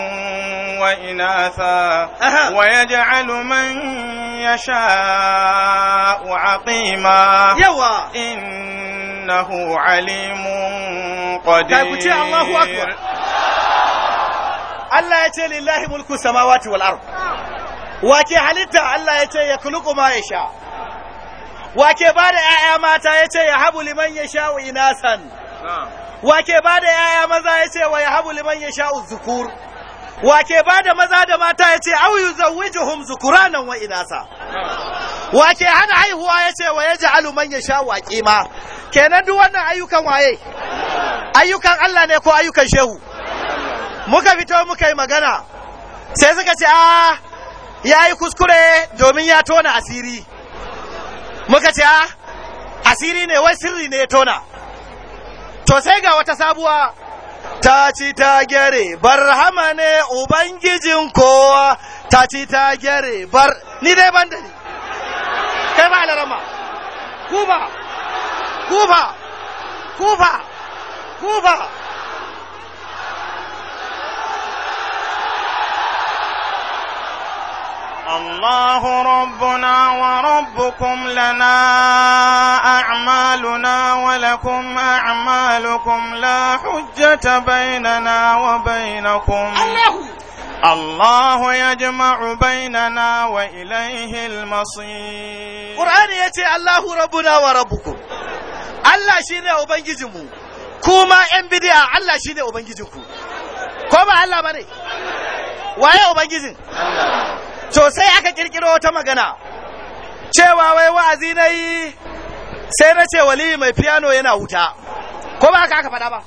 [SPEAKER 1] وإناثا ويجعل من يشاء عقيما يوا إنه عليم قدير الله أكبر Allah ya ce lillahi mulku samawati wal ard
[SPEAKER 2] wake halitta Allah ya ce ya kuluku ma ya sha wake ba da ‘ya'ya mata ya ce ya habu liman ya sha wa inasan wake ba da ‘ya'ya maza ya ce wa ya habu liman ya sha zukur wake ba da maza da mata ya ce au yuzawwijuhum zukurana wa inasa wake hana haihuwa ya ce wa yaj'alu man aluman ya sha kenan duk wannan ayyukan waye ayyukan Allah ne ko ayyukan shehu muka fito muka yi magana sai suka ce a ah, ya yi kuskure domin ya tona asiri muka ce a ah, asiri ne wai sirri ne ya tona to sai ga wata sabuwa ta ci ta gyare bar hama ne ubangijin kowa ta ci ta gyare bar ni dai ban da ni kai ba alarama
[SPEAKER 3] kuba kuba kuba kuba kuba
[SPEAKER 1] الله ربنا وربكم لنا أعمالنا ولكم أعمالكم لا حجة بيننا وبينكم الله يجمع بيننا وإليه المصير
[SPEAKER 2] قرآن يتي الله ربنا وربكم الله شيني
[SPEAKER 1] أبنجزمو
[SPEAKER 2] كوما انبدي الله شيني أبنجزكو كوما الله بني أبنجزم الله to sai aka kirkiro wata magana cewa wai wa'azi na yi sai na ce wali mai piano yana wuta ko ba haka aka faɗa ba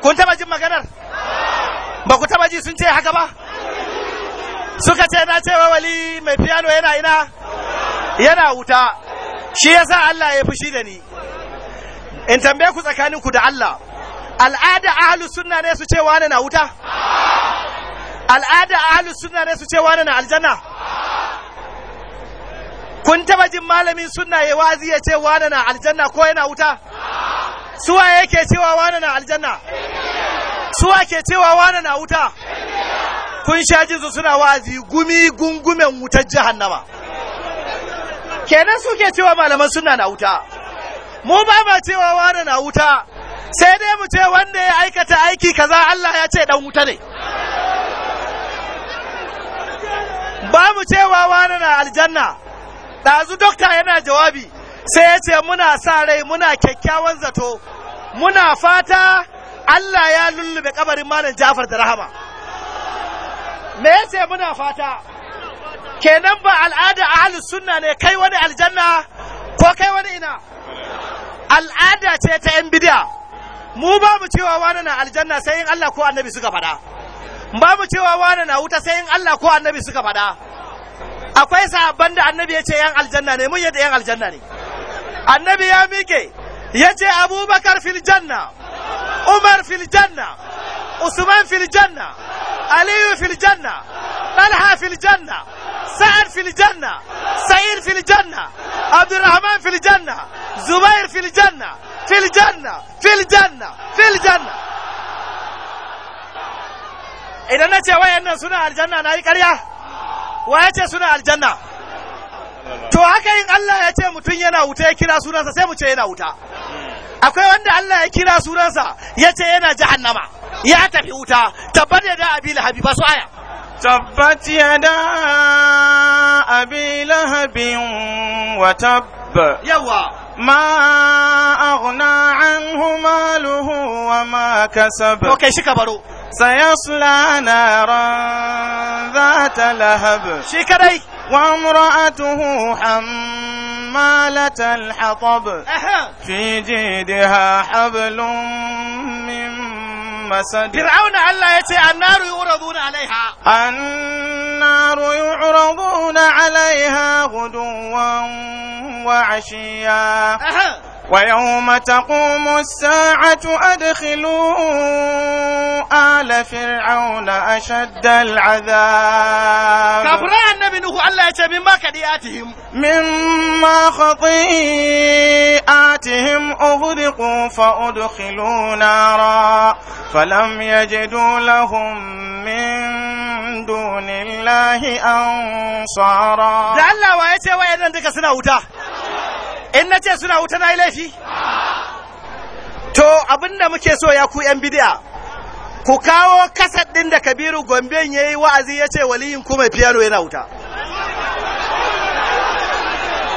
[SPEAKER 2] kun taba jin maganar ba ku taba ji sun ce haka ba suka ce na ce wa wali mai piano yana ina yana wuta shi yasa Allah ya fushi da ni in tambaye ku tsakaninku da Allah al'ada ahlus sunna ne su ce wani na wuta al'ada a ahlu sunna ne su ce wani na aljanna kun taba jin malamin sunna ya wazi ya ce wani na aljanna ko yana wuta suwa yake cewa wani na aljanna suwa ke cewa wani na wuta kun sha jinsu suna wazi gumi gungumen wutar jahannama kenan su ke cewa malaman suna na wuta mu ba ma cewa wani na wuta sai dai mu ce wanda ya aikata aiki kaza Allah ya ce dan wuta ne ba mu cewa wani na aljanna ɗazu dokta yana jawabi sai ya ce muna sa rai muna kyakkyawan zato muna fata Allah ya lullube kabarin malam Jafar da rahama me ya ce muna fata kenan ba al'ada halin sunna ne kai wani aljanna ko kai wani ina al'ada ce ta yan bidiya mu ba mu cewa wani na aljanna sai yin Allah ko annabi suka faɗa babu cewa wane na wuta sai in Allah ko annabi suka faɗa akwai sahabban da annabi ya ce yan aljanna ne mun yadda yan aljanna ne annabi ya mike ya ce abubakar fil janna umar fil janna usman fil janna aliyu fil janna talha fil janna sa'ad fil janna sa'id fil janna abdurrahman fil janna zubair fil janna fil janna fil janna fil janna idan na ce nan suna aljanna na yi karya wa ya ce suna aljanna to haka yin Allah ya ce mutum yana wuta ya kira sunansa sai mu ce yana wuta akwai wanda Allah ya kira sunansa ya ce yana jahannama ya tafi wuta ya da abi lahabi ba su aya
[SPEAKER 1] tabbat da abi lahabi wa tabb yawa ما wa عنه ماله Ok shi kabaro. سيصلى نارا ذات لهب شكري وامرأته حمالة الحطب في جيدها حبل من مسد فرعون ألا يتي النار يعرضون عليها النار يعرضون عليها غدوا وعشيا ويوم تقوم الساعة أدخلوا آل فرعون أشد العذاب كفران
[SPEAKER 2] النبي نوح الله يتبين ما كدياتهم
[SPEAKER 1] مما خطيئاتهم أغرقوا فأدخلوا نارا فلم يجدوا لهم من دون الله أنصارا لعل ويتوى أن عندك
[SPEAKER 2] سنة in na ce suna wuta na yi laifi to abinda muke so ya ku yan bidiya ku kawo kasar ɗin da kabiru Gombe ya yi wa'azi ya ce waliyin kuma fiyano yana wuta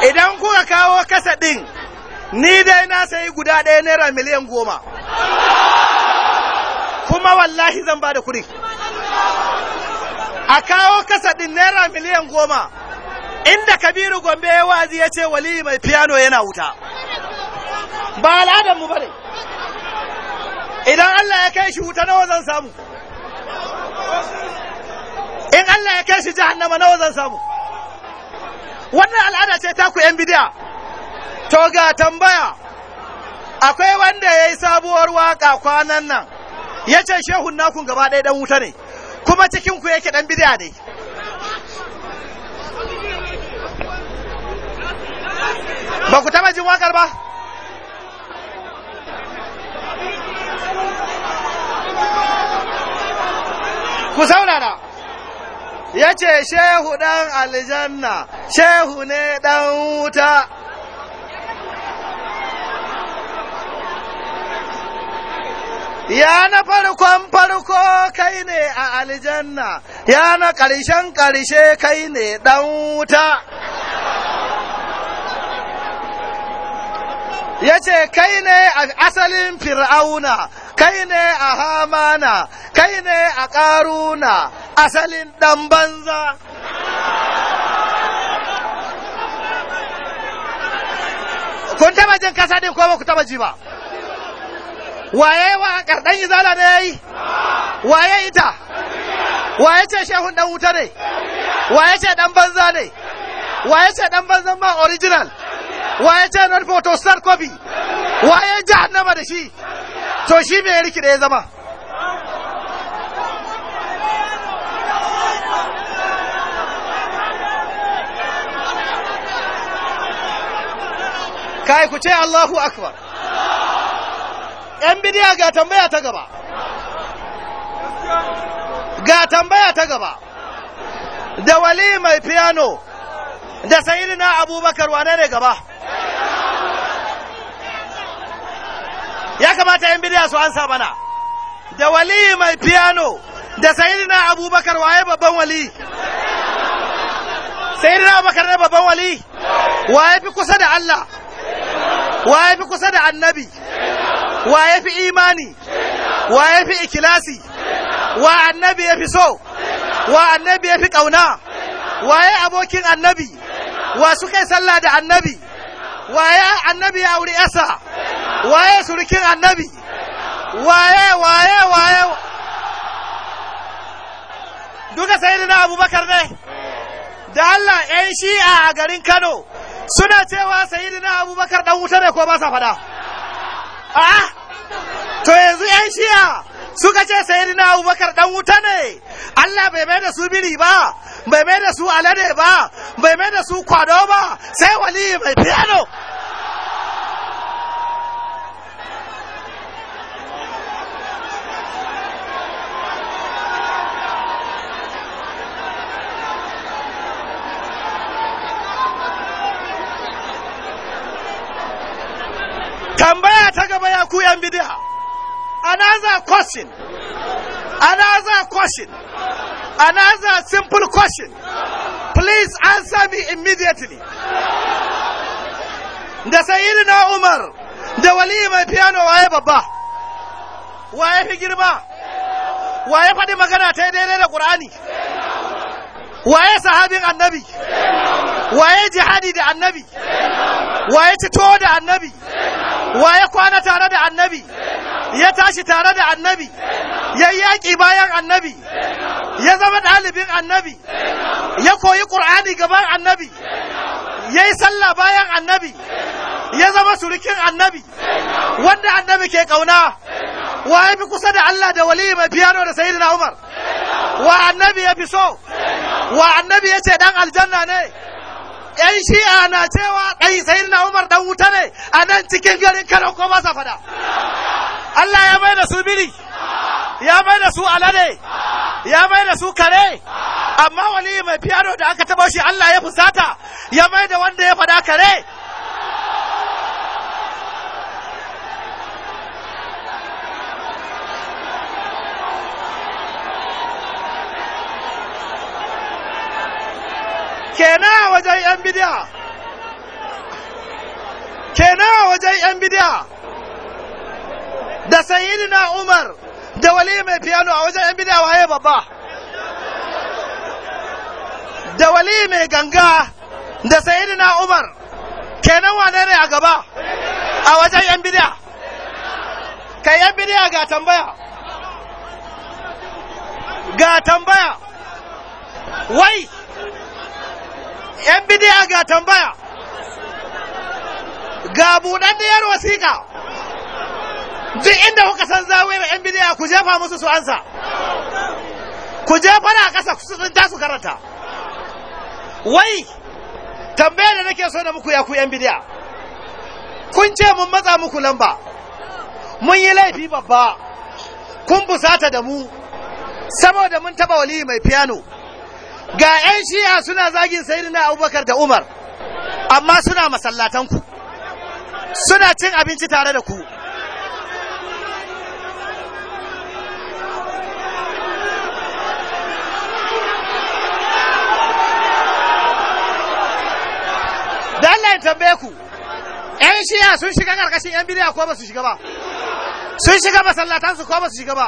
[SPEAKER 2] idan kuka kawo kasa ɗin ni dai na sayi guda ɗaya naira miliyan goma kuma wallahi zan ba da kuɗi a kawo kasa ɗin naira miliyan goma inda kabiru gombe ya wazi ya ce wali mai piano yana wuta ba al'adar mu bane idan Allah ya kai shi wuta nawa zan samu in Allah ya kai shi jahannama nawa zan samu wannan al'ada ce ta ku yan bidiya to ga tambaya akwai wanda ya yi sabuwar waka kwanan nan ya ce shehun nakun gaba ɗaya dan wuta ne kuma cikinku ku yake ɗan bidiya ne ba ku taba jin wakar ba ku saurara ya ce shehu ɗan aljanna shehu ne ɗan wuta ya na farkon farko kai ne a aljanna ya na ƙarshen ƙarshe kai ne ɗan wuta ya ce kai ne a asalin fir'auna kai ne a hamana kai ne a ƙaruna asalin ɗan banza kun taba jin kasa din ko ba ku taba ji ba waye wa kardan izala ne yayi waye ita waye ce shehun dan wuta ne waye ce dan banza ne waye ce dan banzan ma original waye ce nan photo star copy waye jahannama da shi to shi me ya rikide ya zama kai ku ce Allahu akbar yan bidiya ga tambaya ta gaba ga tambaya ta gaba da wali mai piano da sayidina abubakar wane ne gaba kamata yan bidiya su ansa bana da wali mai piano da Sayidina abubakar waye babban wali Sayidina abubakar ne babban wali waye fi kusa da Allah waye fi kusa da annabi waye fi imani waye fi ikilasi wa annabi ya fi so wa annabi ya fi ƙauna waye abokin annabi wa suka yi sallah da annabi waye annabi ya auri yasa waye surukin annabi waye waye waye duka sayyidina abubakar ne da Allah yan shi'a a garin Kano suna cewa sayyidina abubakar dan wuta ne ko ba sa fada a to yanzu yan shi'a suka ce sayyidina abubakar dan wuta ne Allah bai mai da su biri ba bai mai da su alade ba bai mai da su kwado ba sai wali mai piano ku yan bidiya another question another question another simple question please answer me immediately da sayyidina umar da wali mai piano waye babba waye fi girma waye faɗi magana ta daidai da ƙur'ani waye sahabin annabi waye jihadi da annabi waye cito da annabi wa ya kwana tare da annabi ya tashi tare da annabi ya yaƙi bayan annabi ya zama ɗalibin annabi ya koyi ƙur'ani gaban annabi ya yi sallah bayan annabi ya zama surukin annabi wanda annabi ke ƙauna wa ya fi kusa da Allah da waliyu mai fiyano da sayidina Umar wa annabi ya fi so wa annabi ya ce ɗan aljanna ne ‘yan shi'a na cewa ɗai sai na Umar dan wuta ne a nan cikin garin Kano ko masa fada. Allah ya mai da su biri, ya mai da su alade, ya mai da su kare, amma wali mai fiyano da aka taba shi Allah ya fusata, ya mai da wanda ya fada kare. kenan a wajen yan bidiya kenan a wajen yan bidiya da na umar da wali mai piano a wajen yan bidiya waye babba da wali mai ganga da na umar kenan wane ne a gaba a wajen yan bidiya kai yan bidiya ga tambaya ga tambaya wai ‘yan bidiya ga tambaya, ga buɗaɗɗiyar wasiƙa, duk inda kuka san zawe wa ‘yan bidiya ku jefa musu su ansa, ku jefa na ƙasa su tsinta su karanta. Wai, tambaya da nake so da muku ya ku ‘yan bidiya, kun ce mun matsa muku lamba, mun yi laifi babba, kun busata da mu, saboda mun taɓa wali mai fiyano. ga 'yan shi'a suna zagin sayyidina abubakar da umar amma suna masallatanku suna cin abinci tare da ku Don Allah ya tambaye ku ‘yan shi'a sun shiga ƙarƙashin ‘yan bidiya ko ba su shiga ba sun shiga masallatansu ko ba su shiga ba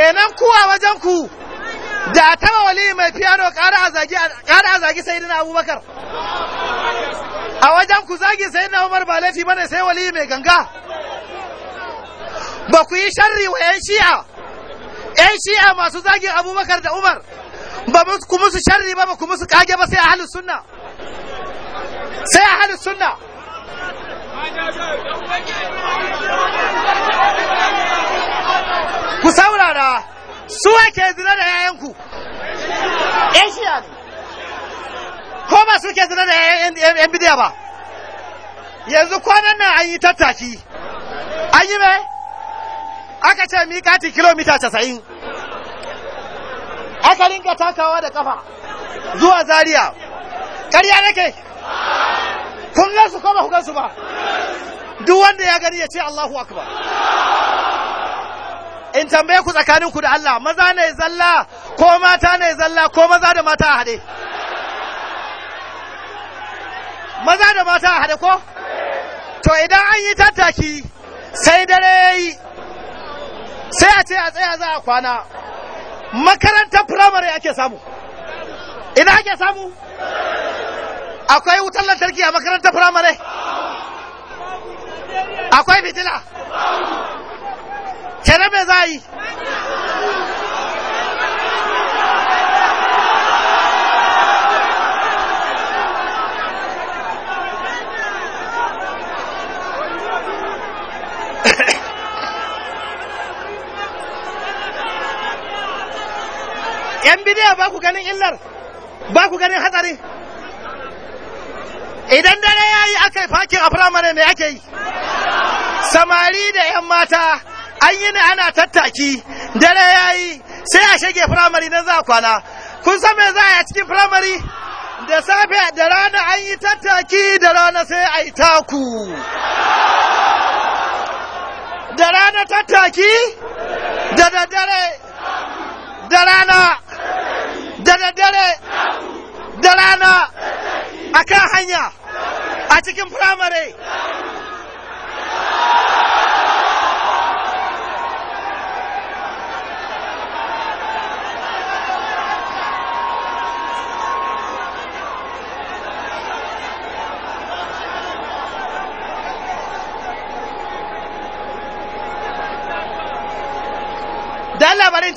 [SPEAKER 2] kenan kuwa wajen ku da taba wali mai fiyano kara a zagi kara a abubakar a wajen ku zagi sayyidina umar ba laifi bane sai wali mai ganga ba ku yi sharri wa yan shi'a yan shi'a masu zagi abubakar da umar ba ku musu sharri ba ba ku musu kage ba sai ahlus sunna sai ahlus sunna ku saurara su ke zina da yayanku asia ne ko ba su ke zina da yayan bidiya ba yanzu kwanan nan an yi tattaki an yi mai aka ce mikati kilomita casa'in aka ringa takawa da kafa zuwa zaria ƙarya nake kun gansu ko ba ku gansu ba duk wanda ya gani ya ce allahu akbar in tambaye ku tsakanin ku da Allah maza ne zalla ko mata ne zalla ko maza da mata a haɗe maza da mata a haɗe ko to idan an yi tattaki sai dare ya yi sai a ce a tsaya za a kwana makarantar firamare ake samu ina ake samu akwai wutar lantarki a makarantar firamare akwai fitila me za yi ‘Yan bidiyar ba ku ganin illar, ba ku ganin hatsari. Idan dare ya yi aka yi fakin a firamare mai ake yi, samari da ‘yan mata an yi ne ana tattaki dare ya yi sai a shige firamare na za kwana kun san me za a yi cikin firamare da safe da rana an yi tattaki da rana sai a yi taku da rana tattaki da daddare da rana da daddare da rana a kan hanya a cikin firamare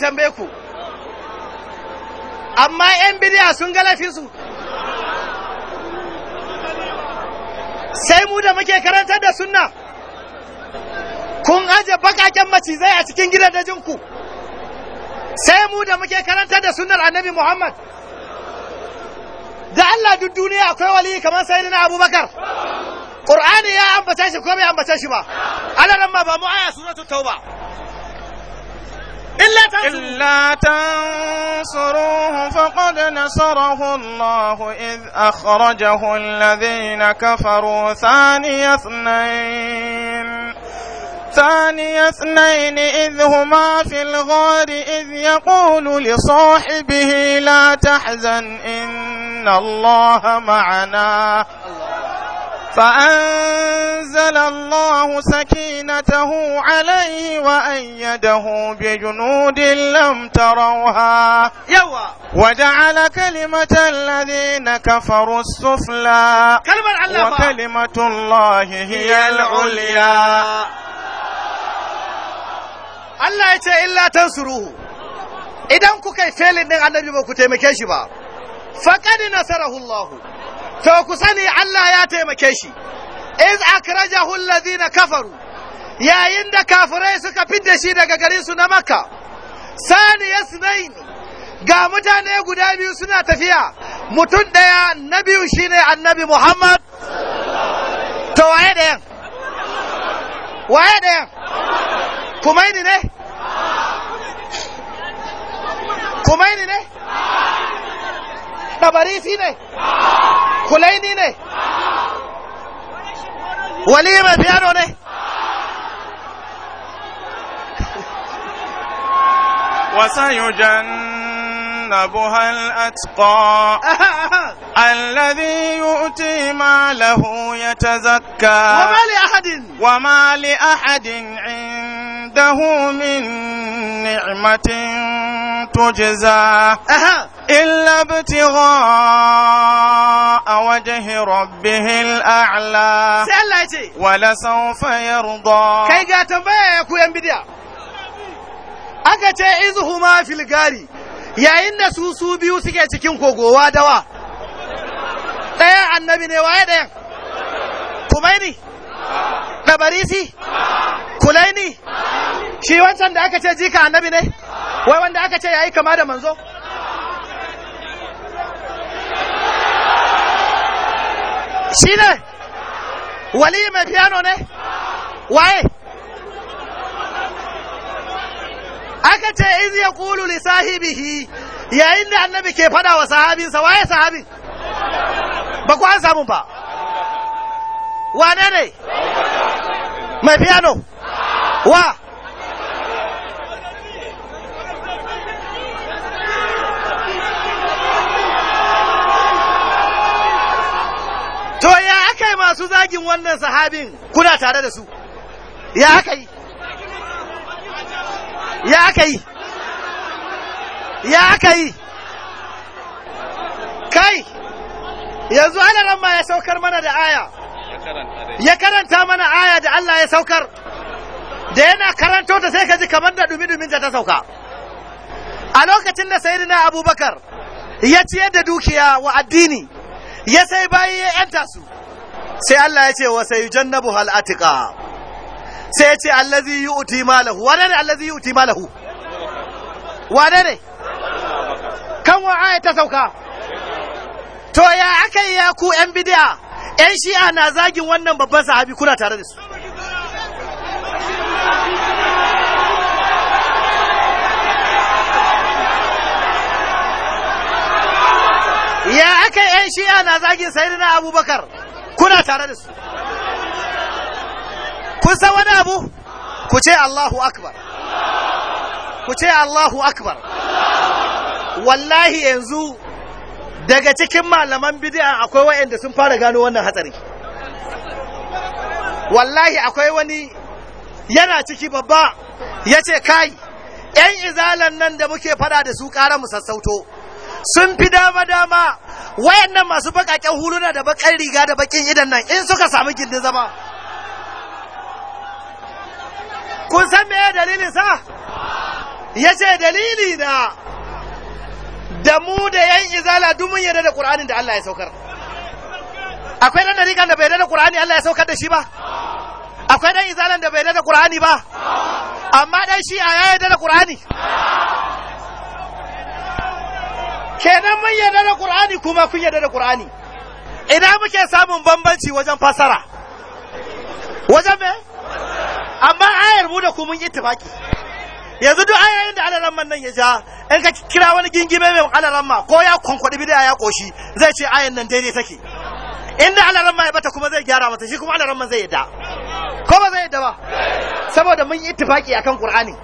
[SPEAKER 2] tambaye ku amma 'yan bidiya sun ga su, sai mu da muke karantar da sunna kun aje bakaken macizai a cikin gidajenku sai mu da muke karantar da sunnar annabi muhammad da allah duk duniya akwai wali kamar sai na abubakar ƙur'ani ya ambata shi ko bai ambata shi ba alaran ba mu aya suratul tauba
[SPEAKER 1] إلا تنصروه, إلا تنصروه فقد نصره الله إذ أخرجه الذين كفروا ثاني اثنين ثاني اثنين إذ هما في الغار إذ يقول لصاحبه لا تحزن إن الله معنا الله فأنزل الله سكينته عليه وأيده بجنود لم تروها يوا وجعل كلمة الذين كفروا السفلى كلمة الله وكلمة الله هي العليا
[SPEAKER 2] Allah ya ce illa tansuruhu idan kuka yi felin din annabi ba ku taimake shi ba faqad nasarahu Allahu to ku sani Allah ya taimake shi iz akrajahu alladhina kafaru yayin da kafirai suka fidda shi daga garin su na makka sani yasnaini ga mutane guda biyu suna tafiya mutum daya na biyu shine annabi Muhammad to waye dayan waye dayan kumaini ne kumaini ne ɗabarisi ne kulaini نے ولی میں biyano ne
[SPEAKER 1] وسيجنبها الأتقى الذي يؤتي ما له يتزكى وما لأحد وما لأحد عند ومده من نعمة تجزى إلا ابتغاء وجه ربه الأعلى ولسوف يرضى كي
[SPEAKER 2] قاتم بيا يكو ينبديا أكتا إذهما في الغاري يا إن سوسو بيوسك يتكين كوكو وادوا kogowa dawa ɗaya annabi كميني tabarisi kulaini shi wancan da aka ce jika annabi ne wai wanda aka ce yayi kama da manzo shi ne wali mai piano ne waye aka ce izi ya kulu li sahibihi yayin da annabi ke fada wa sahabinsa waye sahabi ba ku an samu ba wane ne Mai piano. wa? To ya aka yi masu zagin wannan sahabin kuna tare da su? Ya aka yi? Ya aka yi? Ya aka yi? Kai, yanzu alaran ma ya saukar mana da aya. ya karanta mana aya da Allah ya saukar da yana karanto ta sai ka ji kamar da dumi-dumin ta sauka a lokacin da sayyidina abubakar ya ciyar da dukiya wa addini ya sai bayi ya yanta su sai Allah ya ce wa sai jannabu buhal atika sai ya ce allazi uti malahu wane ne allazi uti malahu wane ne kan wa aya ta sauka to ya aka yi ya ku yan bid'a 'yan shi'a na zagin wannan babban sahabi kuna tare da su ya aka 'yan shi'a na zagin sayidina abubakar kuna tare da su kun san wani abu ku ce allahu akbar ku ce allahu akbar wallahi yanzu daga cikin malaman bidiya akwai wayanda sun fara gano wannan hatsari wallahi akwai wani yana ciki babba ya ce kai ‘yan izalan nan da muke fada da su ƙara mu sassauto sun fi dama-dama wayannan masu baƙaƙen huluna da baƙar riga da bakin idan nan in suka samu gindin zama kun san me dalilin sa ya ce dalili na da mu da yan izala duk mun yarda da Qur'anin da Allah ya saukar akwai dan dariƙan da bai yarda da Qur'ani Allah ya saukar da shi ba akwai dan izalan da bai yarda da Qur'ani ba amma dan shi a ya yarda da Qur'ani kenan mun yarda da Qur'ani kuma kun yarda da Qur'ani Ina muke samun bambanci wajen fasara wajen me amma ayar mu da ku mun yi tafaki yanzu duk ayoyin da alaran nan ya ja in ka kira wani gingime mai alaramma ko ya kwankwaɗi bidiya ya ƙoshi zai ce ayan nan daidai take inda alaramma ya bata kuma zai gyara mata shi kuma alaramma zai yadda ko ba zai yadda ba saboda mun yi ittifaki akan Kur'ani.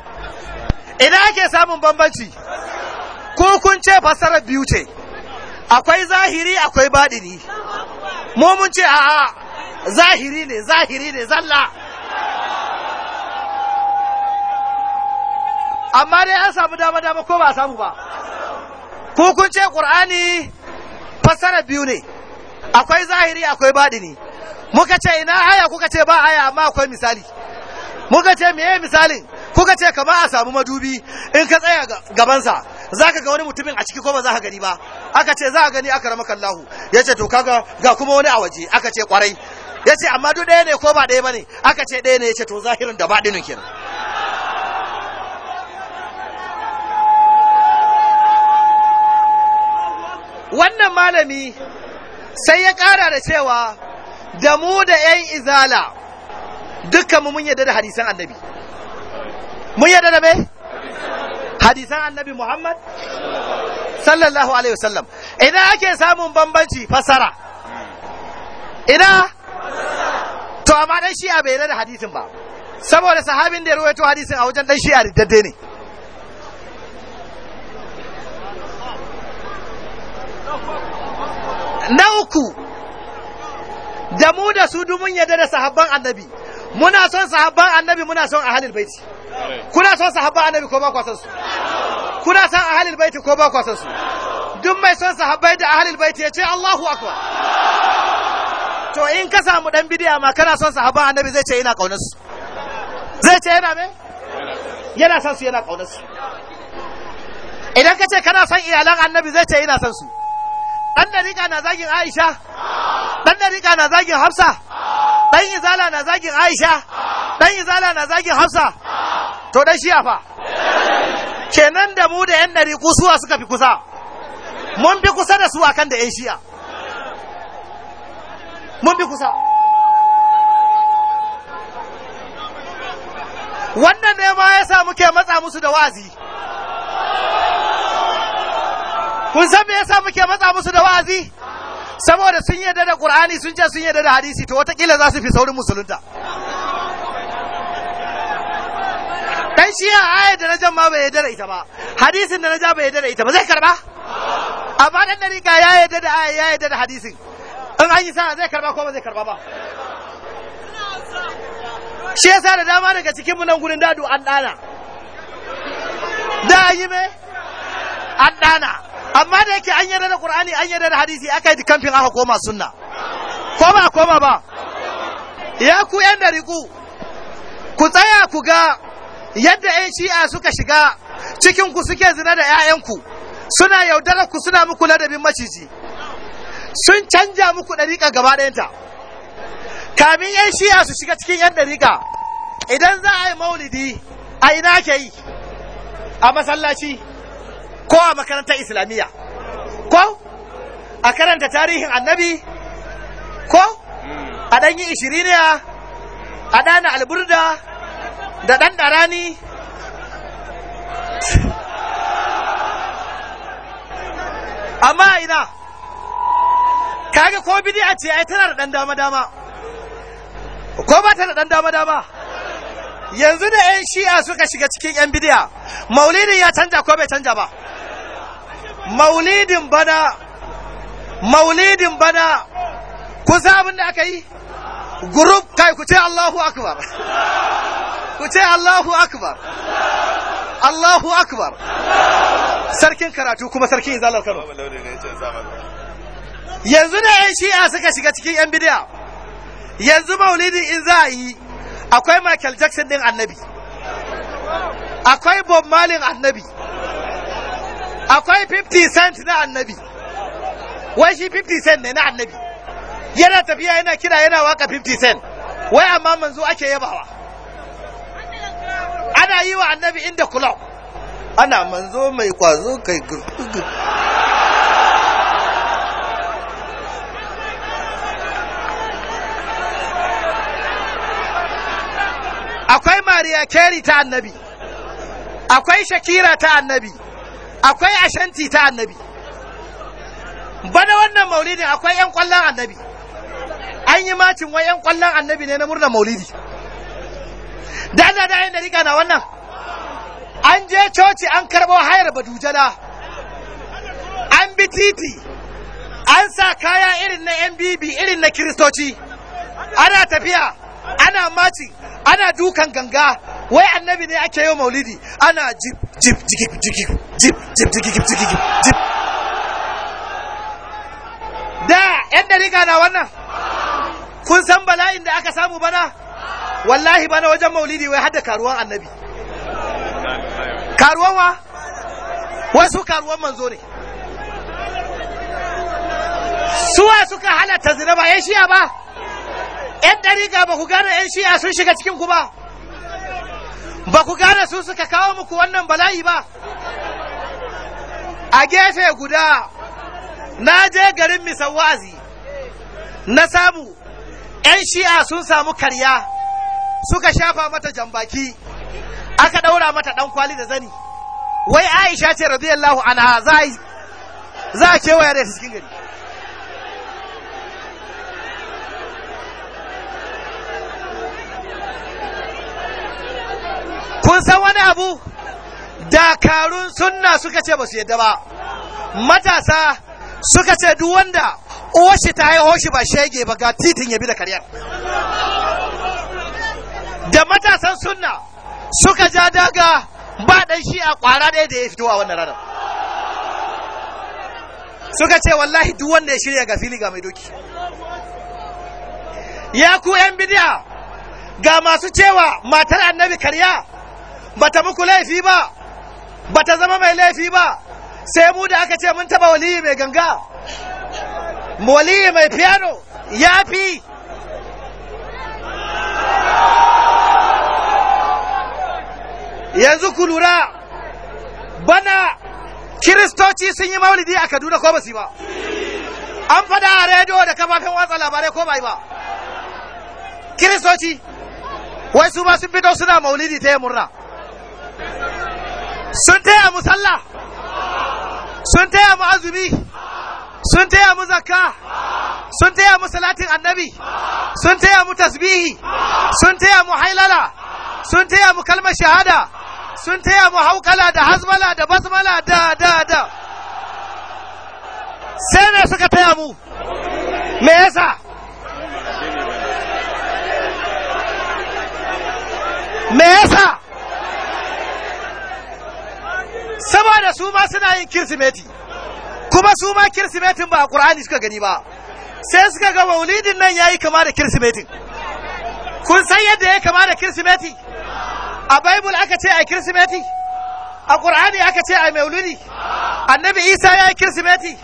[SPEAKER 2] idan ake samun bambanci ko kun ce fassarar biyu ce akwai zahiri akwai baɗini mu mun ce a'a zahiri ne zahiri ne zalla amma dai an samu dama dama ko ba a samu ba ku kun ce qur'ani fassara biyu ne akwai zahiri akwai badini muka ce ina aya kuka ce ba aya amma akwai misali muka ce meye misalin kuka ce kama a samu madubi in ka tsaya gabansa za ka ga wani mutumin a ciki ko ba za ka gani ba aka ce za a gani aka rama kallahu ya ce to kaga ga kuma wani a waje aka ce kwarai ya ce amma duk ɗaya ne ko ba ɗaya ba ne aka ce ɗaya ne ya ce to zahirin da baɗinin kenan wannan malami sai ya ƙara da cewa da mu da 'yan izala dukkanmu mun yadda da hadisan annabi mun yadda da me hadisan annabi muhammad sallallahu alaihi wasallam idan ake samun bambanci fasara idan? to amma dan shi'a bai yadda da hadisin ba saboda sahabin da ya rawaito hadisin a wajen dan shi'a riddadde ne na uku da mu da su dumun yadda da sahabban annabi muna son sahabban annabi muna son ahalil baiti kuna son sahabban annabi ko ba kwa son su kuna son ahalil baiti ko ba kwa son su duk mai son sahabbai da ahalil baiti ya ce Allahu akbar to in ka samu dan bidiya ma kana son sahabban annabi zai ce ina kaunar su zai ce yana me yana son su yana kaunar su idan ka ce kana son iyalan annabi zai ce ina sansu. su ɗan dariƙa na zagin aisha ɗan dariƙa na zagin hafsa ɗan izala na zagin aisha ɗan izala na zagin hafsa to dan shiya fa kenan da mu da yan dariƙu suwa suka fi kusa mun fi kusa da su akan da yan shiya mun fi kusa wannan ne ma ya sa muke matsa musu da wazi kun san me yasa muke matsa musu da wa'azi saboda sun yarda da qur'ani sun ce sun yarda da hadisi to watakila za su fi saurin musulunta dan shi a ayar da najan jan ma bai yarda da ita ba hadisin da najan ja bai yarda da ita ba zai karba amma dan dariƙa ya yarda da ayar ya yarda da hadisin in an yi sa'a zai karba ko ba zai karba ba shi yasa da dama daga cikin mu nan gurin dadu an dana da yi me an dana amma da yake an yarda da qur'ani an yarda da hadisi aka yi kamfin aka koma sunna ko ba koma ba ya ku yan riku ku tsaya ku ga yadda yan shi'a suka shiga cikin ku suke zina da 'ya'yanku suna yaudarar ku suna muku ladabin maciji sun canja muku dariƙa gaba ɗayanta kamin yan shi'a su shiga cikin yan dariƙa idan za a yi maulidi a ina ke yi a masallaci ko a makarantar islamiyya ko a karanta tarihin annabi ko a ɗanyi ishiriniya a ɗana alburda da ɗan ɗarani amma ina kage ko a ce ai tana da ɗan dama-dama ko ba ta da ɗan dama-dama yanzu da 'yan shi'a suka shiga cikin 'yan bidiya maulidin ya canja ko bai canja ba maulidin bana maulidin bana ku san abin da aka yi group kai ku ce Allahu akbar ku ce Allahu akbar Allahu akbar sarkin karatu kuma sarkin izalar Kano yanzu da shi shi'a suka shiga cikin yan bidiya yanzu maulidin in za a yi akwai Michael Jackson din annabi akwai Bob Marley annabi akwai 50 cent na annabi wai shi 50 cent ne na annabi yana tafiya yana kira yana waka 50 cent wai amma manzo ake yabawa ana yi wa annabi inda kulau ana manzo mai kwazo kai akwai mariya keri ta annabi akwai shakira ta annabi akwai ashanti ta annabi bana wannan maulidin akwai 'yan kwallon annabi an yi macin wa 'yan kwallon annabi ne na murnar maulidi da ana da yin dariƙa na wannan an je coci an karɓo hayar badujana an bi titi an sa kaya irin na mbb irin na kiristoci ana tafiya ana mati ana dukan ganga wai annabi ne ake yau maulidi ana jip jip jip jip jip jip jip jip jip jip jip da yan dariga na wannan kun san bala'in da aka samu bana wallahi bana wajen maulidi wai hada karuwan annabi karuwan wa wasu karuwan manzo ne suwa suka halatta zina ba ya eh, shiya ba 'yan ɗariƙa ba ku gane 'yan shi'a sun shiga cikin ku ba ba ku gane su suka kawo muku wannan bala'i ba a gefe guda na je garin misawazi na samu 'yan shi'a sun samu karya suka shafa mata jambaki aka ɗaura mata ɗan kwali da zani wai aisha ce radiyallahu anha za a kewaya da cikin gari kun san wani abu dakarun sunna suka ce ba su yadda ba matasa suka ce duk wanda uwashi ta haihuwa shi ba shege ba ga titin ya bi da karyar da matasan sunna suka ja daga ba dan shi a kwara ɗaya da ya fito a wannan ranar suka ce wallahi duk wanda ya shirya ga fili ga mai doki ya ku yan bidiya ga masu cewa matar annabi karya bata muku laifi ba bata zama mai laifi ba sai mu da aka ce mun taba waliyi mai ganga waliyi mai piano ya fi yanzu ku lura bana kiristoci sun yi maulidi a kaduna ko basi ba an fada a rediyo da kafafen watsa labarai ko bai ba kiristoci wai su ma sun fito suna maulidi ta yi murna sun taya mu sallah sun taya mu azumi sun taya mu zakka sun taya mu salatin annabi sun taya mu tasbihi sun taya mu hailala sun taya mu kalmar shahada sun taya mu haukala da hazmala da basmala da da da sai me suka taya mu me yasa me yasa saboda su ma suna yin kirsimeti kuma su ma kirsimetin ba a ƙur'ani suka gani ba sai suka ga maulidin nan ya yi kama da kirsimetin kun san yadda ya kama da kirsimeti a baibul aka ce a kirsimeti a ƙur'ani aka ce a maulidi annabi isa ya yi kirsimeti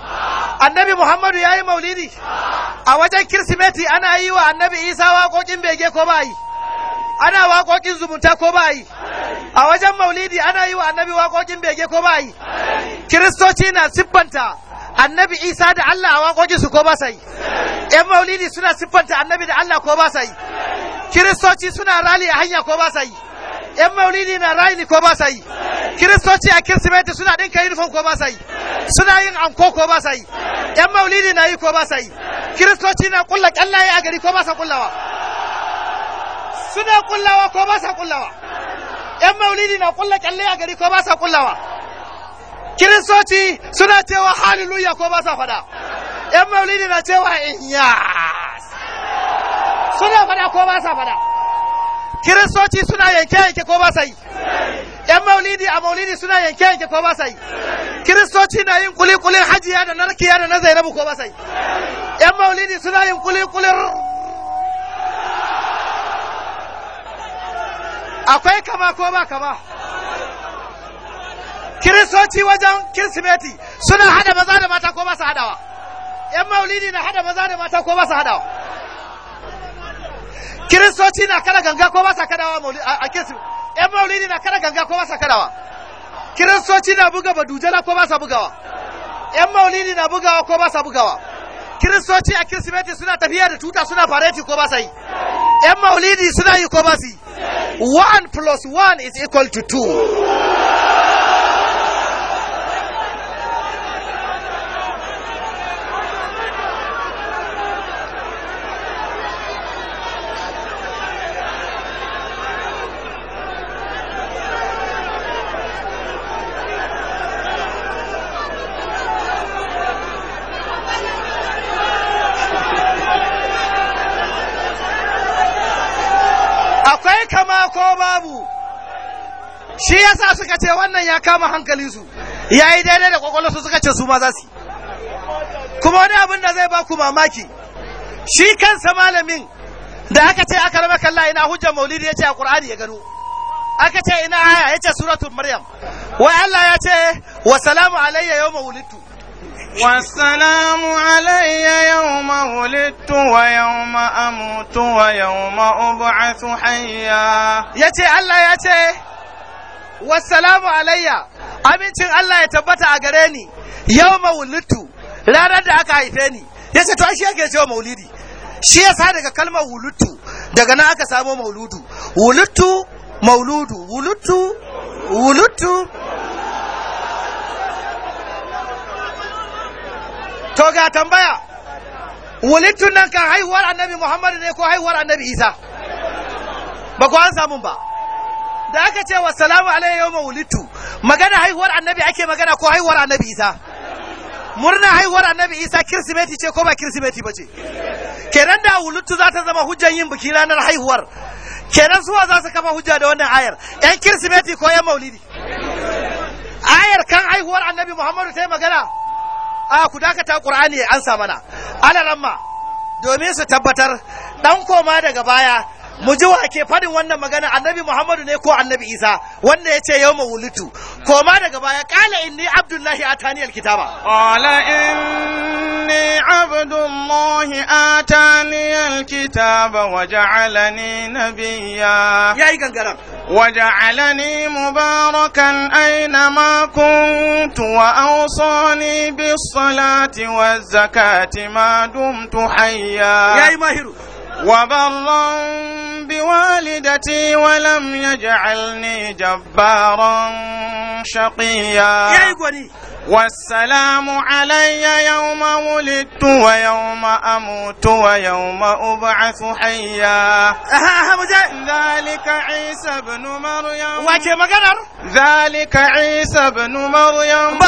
[SPEAKER 2] annabi muhammadu ya yi maulidi a wajen kirsimeti ana yi wa annabi isa waƙoƙin bege ko ba yi ana waƙoƙin zumunta ko ba yi a wajen maulidi ana yi wa annabi waƙoƙin bege ko ba yi kiristoci na siffanta annabi isa da allah a waƙoƙin su ko ba sa yi yan maulidi suna siffanta annabi da allah ko ba sa yi kiristoci suna rali a hanya ko ba sa yi yan maulidi na rali ko ba sa yi kiristoci a kirsimeti suna ɗinka uniform ko ba sa yi suna yin anko ko ba sa yi yan maulidi na yi ko ba sa yi kiristoci na kulla kyallaye a gari ko ba sa kullawa suna kullawa ko ba sa kullawa 'yan maulidi na kulla kyalle a gari ko ba sa kullawa kiristoci suna cewa haliluya ko ba sa faɗa 'yan maulidi na cewa inyas suna faɗa ko ba sa faɗa kiristoci suna yanke yanke ko ba sa yi ‘yan maulidi a maulidi suna yanke yanke ko ba sa yi kiristoci na yin kulikulin hajiya da narkiya da na zainabu ko ba sa yi ‘yan maulidi suna yin kulikulin akwai kama ko ba kama kiristoci wajen kirsimeti suna hada maza da mata ko ba su hadawa yan maulidi na hada maza da mata ko ba su hadawa kiristoci na kada ganga ko ba su kadawa a kirsimeti yan maulidi na kada ganga ko ba su kadawa kiristoci na buga badujala ko ba su bugawa yan maulidi na bugawa ko ba su bugawa kiristoci a kirsimeti suna tafiya da tuta suna fareti ko ba su yi yan maulidi suna yi ko ba su yi 1 plus 1 is equal to 2. shi yasa suka ce wannan ya kama hankalinsu ya yi daidai da kwakwalwarsu suka ce su ma za su kuma wani abin da zai ba ku mamaki shi kansa malamin da aka ce aka raba kalla ina hujjar maulidi ya ce a ƙur'ani ya gano aka ce ina aya ya ce suratul maryam
[SPEAKER 1] wai Allah ya ce wa salamu alayya yawma wulidtu والسلام علي يوم ولدت ويوم أموت ويوم أبعث حيا يتي الله يتي Wasalamu
[SPEAKER 2] alayya amincin Allah ya tabbata a gare ni yau mawulutu ranar da aka haife ni ya ce to shi ake wa maulidi shi ya sa daga kalmar wulutu daga nan aka samo mauludu wulutu mauludu wulutu wulutu to ga tambaya wulutu nan kan haihuwar annabi muhammadu ne ko haihuwar annabi isa ba ku an samun ba da aka ce wa salamu alayhi wa wulitu magana haihuwar annabi ake magana ko haihuwar annabi isa murna haihuwar annabi isa kirsimeti ce ko ba kirsimeti ba ce kenan da wulitu za ta zama hujjan yin biki ranar haihuwar kenan suwa za su kafa hujja da wannan ayar yan kirsimeti ko yan maulidi ayar kan haihuwar annabi muhammadu ta yi magana a ku dakata qur'ani an sa mana alaramma domin su tabbatar dan koma daga baya mu ji wa ke faɗin wannan magana annabi muhammadu ne ko annabi isa wanda ya ce yau
[SPEAKER 1] ko ma daga baya ƙala inni abdullahi a taniyar kitaba ƙala inni abdullahi a taniyar kitaba wa ja'alani nabiya ya yi gangarar wa ja'alani mubarakan aina ma kuntu wa awsani bis salati wa zakati ma dumtu hayya ya mahiru وبرا بوالدتي ولم يجعلني جبارا شقيا والسلام علي يوم ولدت ويوم أموت ويوم أبعث حيا ذلك عيسى بن مريم ذلك عيسى بن مريم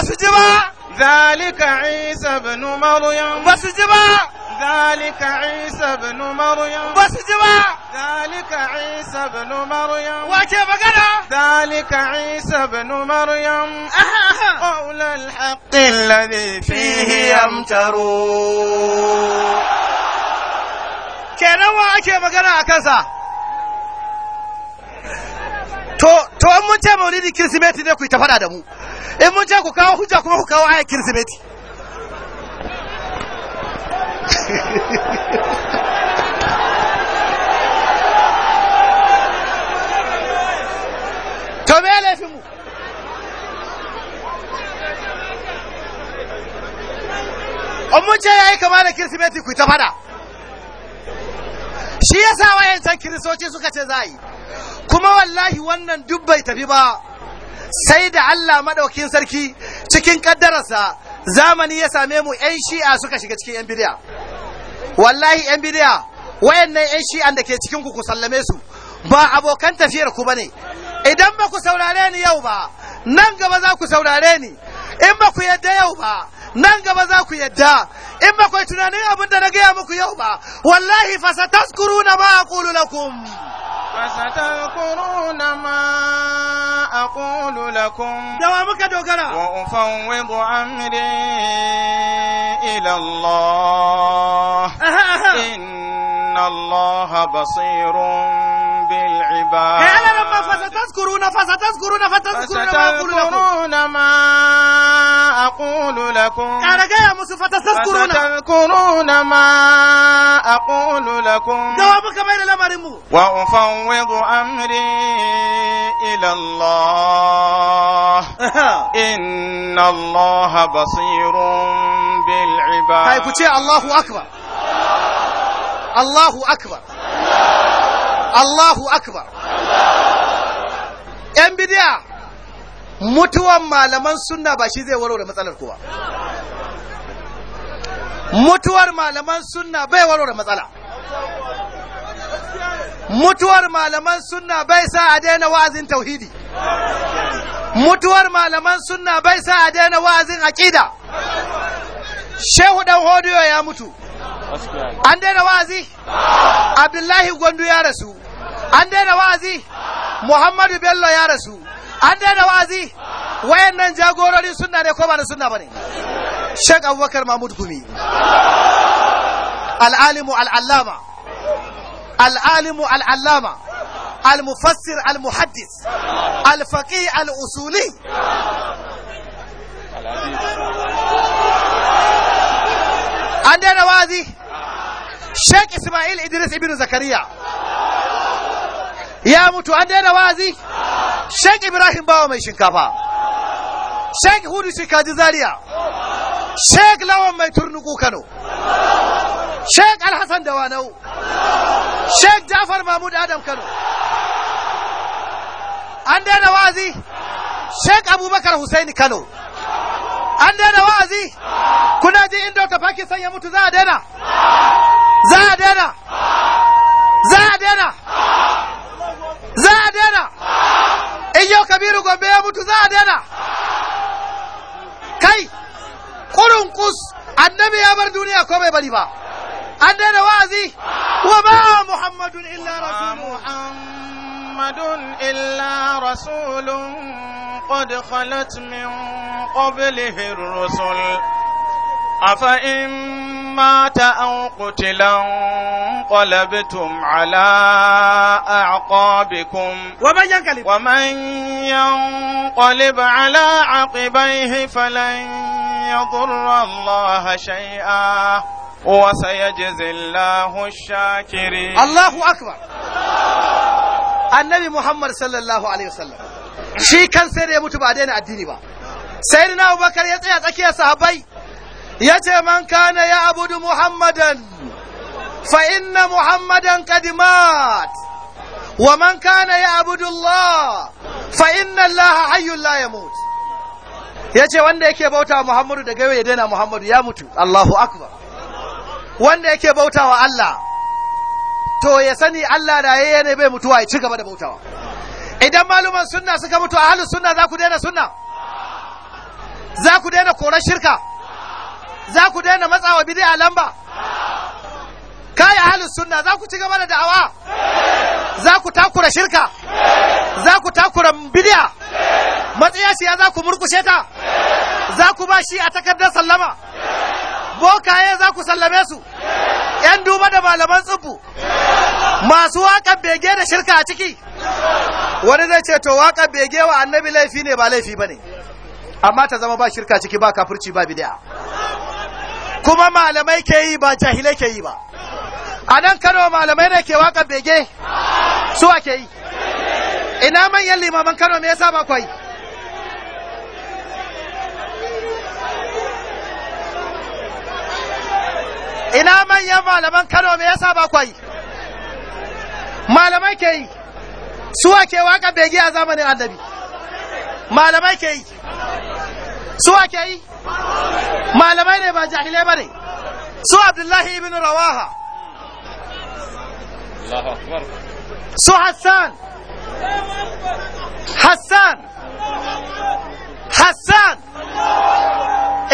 [SPEAKER 1] ذلك عيسى بن مريم ذلك عيسى بن مريم بس جوا ذلك عيسى بن مريم وكيف قال ذلك عيسى بن مريم قول الحق الذي فيه يمترون kenan wa ake magana a
[SPEAKER 2] to to mun ce maulidi kirsimeti ne ku ta fada da mu in mun ce ku kawo hujja kuma ku kawo ayar kirsimeti
[SPEAKER 3] to
[SPEAKER 2] me laifin mun ce yayi kama da kirsimeti ku ta fada shi ya sa wayan can kiristoci suka ce za yi kuma wallahi wannan duk bai tafi ba sai da Allah maɗaukin sarki cikin ƙaddararsa zamani ya same mu yan shi'a suka shiga cikin yan bidiya wallahi yan bidiya wayannan yan shi'an da ke cikin ku ku sallame su ba abokan tafiyar ku bane idan ba ku saurare ni yau ba nan gaba za ku saurare ni in ba ku yadda yau ba nan gaba za ku yadda in ba ku tunanin abin da na gaya muku yau ba wallahi taskuru na ba aqulu lakum
[SPEAKER 1] فستذكرون ما أقول لكم وأفوض أمري إلى الله
[SPEAKER 3] إن
[SPEAKER 1] الله بصير بالعباد قال
[SPEAKER 2] لما فستذكرون فستذكرون فتذكرون
[SPEAKER 1] ما أقول لكم ما أقول لكم قال جاء موسى فتذكرون فتذكرون ما أقول لكم جوابك بين الأمر وأفوض أمري إلى الله إن الله بصير بالعباد هاي
[SPEAKER 2] الله أكبر الله أكبر Allahu akbar ‘yan bidiya mutuwan malaman sunna ba shi zai warware matsalar kowa mutuwar malaman sunna bai warware matsala mutuwar malaman sunna bai sa a daina wa'azin tauhidi mutuwar malaman sunna bai sa a daina wa'azin aƙida shehu ɗan hodiyo ya mutu
[SPEAKER 3] an
[SPEAKER 2] daina wa'azi abdullahi gwandu ya rasu an daina wa'azi muhammadu bello ya rasu an daina wa'azi wayannan jagorori sunna ne ko ba na ba ne. shek abubakar mahmud gumi al'alimu al'allama al'alimu al'allama
[SPEAKER 3] المفسر
[SPEAKER 2] المحدث الفقيه الأصولي an daina wazi Sheikh Ismail Idris ibnu Zakariya ya mutu an daina wazi Sheikh Ibrahim Bawa mai shinkafa Sheikh Hudu Shikaji Zaria Sheikh Lawan mai turnuku Kano Sheikh Alhassan wanau Sheikh Jafar Mahmud Adam Kano an daina wazi Sheikh Abubakar Hussaini Kano an daina wa'azi kuna ji inda Dr. faki sanya mutu za a daina za a daina za a daina za a daina in yau Kabiru Gombe ya mutu za a daina kai kurun kus annabi ya bar duniya ko bai bari ba an daina wa'azi
[SPEAKER 1] wa ba Muhammadun illa rasulun محمد إلا رسول قد خلت من قبله الرسل أفإن مات أو قتلا انقلبتم على أعقابكم ومن ينقلب ومن ينقلب على عقبيه فلن يضر الله شيئا وسيجزي الله الشاكرين الله أكبر
[SPEAKER 2] annabi Muhammad sallallahu alaihi wasallam shi kan sai da ya mutu ba daina addini ba sai na Abubakar ya tsaya tsakiyar sahabbai ya ce man kana ya abudu Muhammadan fa inna Muhammadan kadimat wa man kana ya abudu Allah fa inna Allah hayyul la yamut ya ce wanda yake bauta Muhammadu da yau ya daina Muhammadu ya mutu Allahu akbar wanda yake bautawa Allah to ya sani Allah raye ne bai mutuwa ya ci gaba da bautawa idan maluman sunna suka mutu halin sunna za ku daina sunna za ku daina korar shirka za ku daina matsawa bid'a lamba kai halin sunna za ku ci gaba da da'awa za ku takura shirka za ku takura bid'a matsayashiya za ku murkushe ta za ku ba shi a takardar sallama bokaye za ku sallame su 'yan duba da malaman tsubu masu waƙar bege da shirka a ciki wani zai ce to waƙar bege wa annabi laifi ne ba laifi ba ne amma ta zama ba shirka ciki ba kafirci ba bidiya kuma malamai ke yi ba jahilai ke yi ba a nan kano malamai ne ke waƙar bege su ke yi ina manyan limaman kano me yasa ba kwai ina manyan malaman Kano me yasa ba kwai malamai ke yi suwa ke waka bege a zamanin annabi malamai ke yi suwa ke yi malamai ne ba jahilai ba ne su abdullahi ibn rawaha su hassan hassan hassan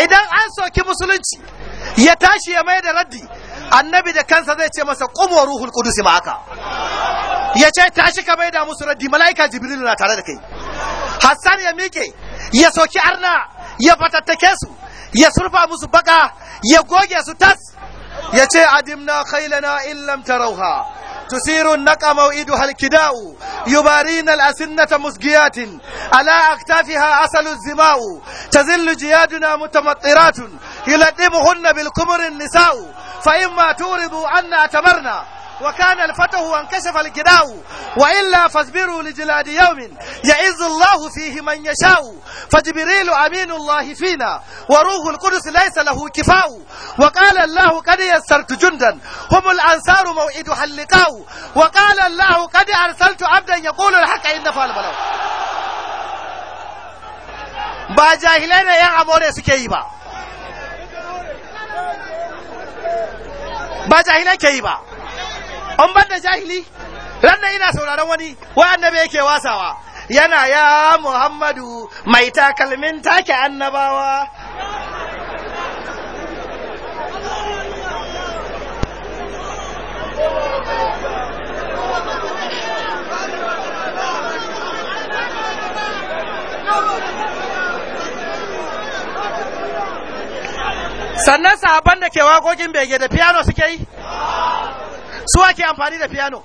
[SPEAKER 2] idan an soki musulunci ya tashi ya mai da raddi annabi da kansa zai ce masa kuma ruhul kudusi aka. ya ce tashi ka mai da musu raddi mala'ika jibril na tare da kai hassan ya miƙe ya soki arna ya fatattake su ya surfa musu baka ya goge su tas ya ce adimna khailana in lam tarauha تسير النقى موئدها الكداء يبارين الأسنة مسجيات على أكتافها أصل الزماء تزل جيادنا متمطرات يلطمهن بالكمر النساء فإما تورضوا أن أتمرنا وكان الفتح وانكشف الجداء وإلا فاصبروا لجلاد يوم يعز الله فيه من يشاء فجبريل أمين الله فينا وروح القدس ليس له كفاء وقال الله قد يسرت جندا هم الأنصار موعدها اللقاء وقال الله قد أرسلت عبدا يقول الحق إن فعل بلو ba jahilai da 'yan amore suke yi ba ba jahilai ke yi ba an ban da jahili ranar ina sauraron wani wa annabi yake wasawa yana ya muhammadu mai takalmin take annabawa sannan sahaban da ke waƙoƙin bege da piano suke yi su ke amfani da piano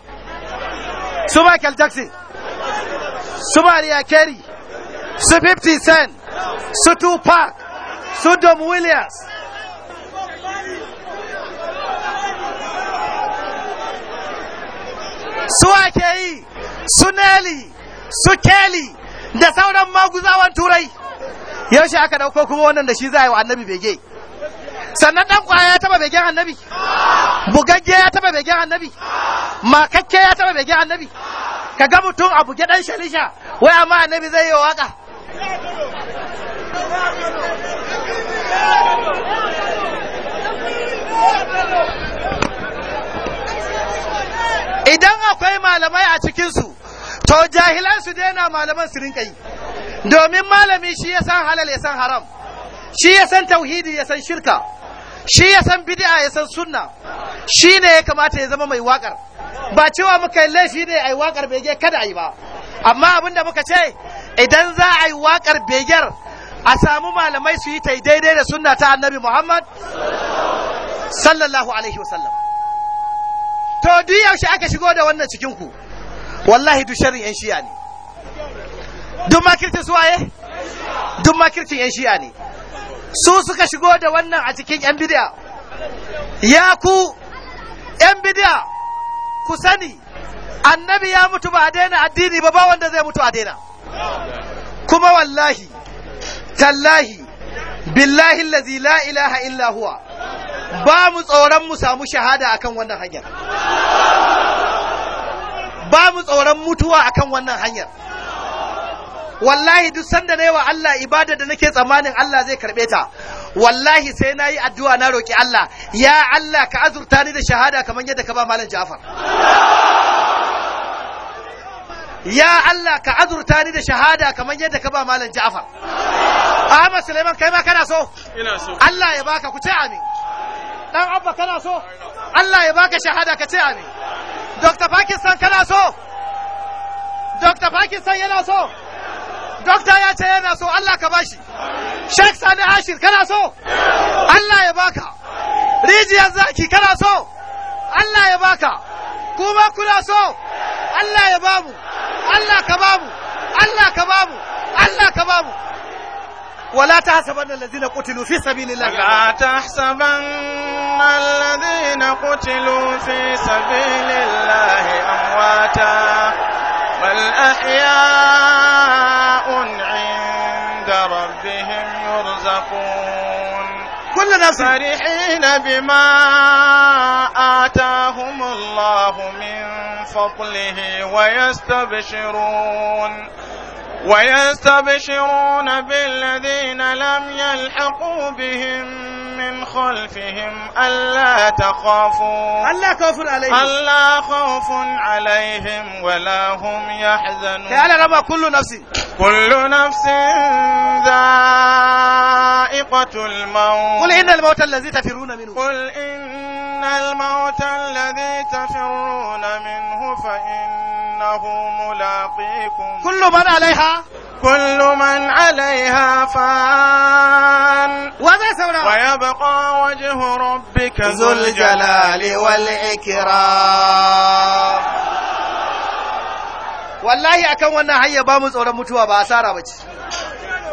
[SPEAKER 2] su Michael Jackson su Maria Carey su 50 Cent su Tupac su Dom Williams su ke yi su Nelly su Kelly da sauran maguzawan turai yaushe aka dauko kuma wannan da shi za a yi wa annabi bege sannan dan kwaya ya taba begen annabi bugagge ya taba bege annabi makakke ya taba bege annabi ka ga mutum a buge dan shalisha wai amma annabi zai yi waka idan akwai malamai a cikinsu to jahilan su daina malaman su rinka yi domin malami shi ya san halal ya san haram shi ya san tauhidi ya san shirka shi ya san bid'a ya san sunna shi ne ya kamata ya zama mai wakar ba cewa muka yi laifi ne a yi wakar bege kada a yi ba amma abin da muka ce idan za a yi wakar begar a samu malamai su yi ta daidai da sunna ta annabi muhammad sallallahu alaihi wasallam to duk yaushe aka shigo da wannan cikin ku wallahi duk sharrin yan shi'a ne duk makircin su waye duk makircin yan shi'a ne su suka shigo da wannan a cikin yan bid'a ya ku 'yan bidiya ku sani annabi ya mutu ba a daina addini ba ba wanda zai mutu a daina kuma wallahi tallahi billahi lazi la ilaha illa huwa ba mu tsoron mu samu shahada akan wannan hanyar ba mu tsoron mutuwa akan wannan hanyar wallahi duk sanda na wa Allah ibada da nake tsammanin Allah zai karɓe ta wallahi sai na yi addu'a na roƙi Allah ya Allah ka azurta ni da shahada kamar yadda ka ba malam Ja'far ya Allah ka azurta ni da shahada kamar yadda ka ba malam Ja'far Ahmad Suleiman kai ma kana so ina so Allah ya baka ku ce amin dan abba kana so Allah ya baka shahada ka ce amin Dr. Pakistan kana so Dr. Pakistan yana so Dokta ya ce yana so Allah ka bashi. Sheikh Sani Ashir kana so? Allah ya baka. Rijiyar zaki kana so? Allah ya baka. Kuma kuna so? Allah ya bamu. Allah ka bamu. Allah ka bamu. Allah ka bamu.
[SPEAKER 1] ولا تحسبن الذين قتلوا في سبيل الله لا تحسبن الذين قتلوا في سبيل الله أمواتا بل أحياء
[SPEAKER 3] عند
[SPEAKER 1] ربهم يتقون كل ناس فرحين بما آتاهم الله من فضله ويستبشرون ويستبشرون بالذين لم يلحقوا بهم من خلفهم ألا تخافوا ألا خوف عليهم ألا خوف عليهم ولا هم يحزنون تعالى ربا كل نفس كل نفس ذائقة الموت قل إن الموت الذي تفرون منه قل إن إلا الموت الذي تفرون منه فإنه ملاقيكم كل من عليها كل من عليها فان ويبقى وجه ربك
[SPEAKER 3] ذو الجلال والإكرام
[SPEAKER 2] wallahi akan wannan hanya ba mu tsoron mutuwa ba asara bace.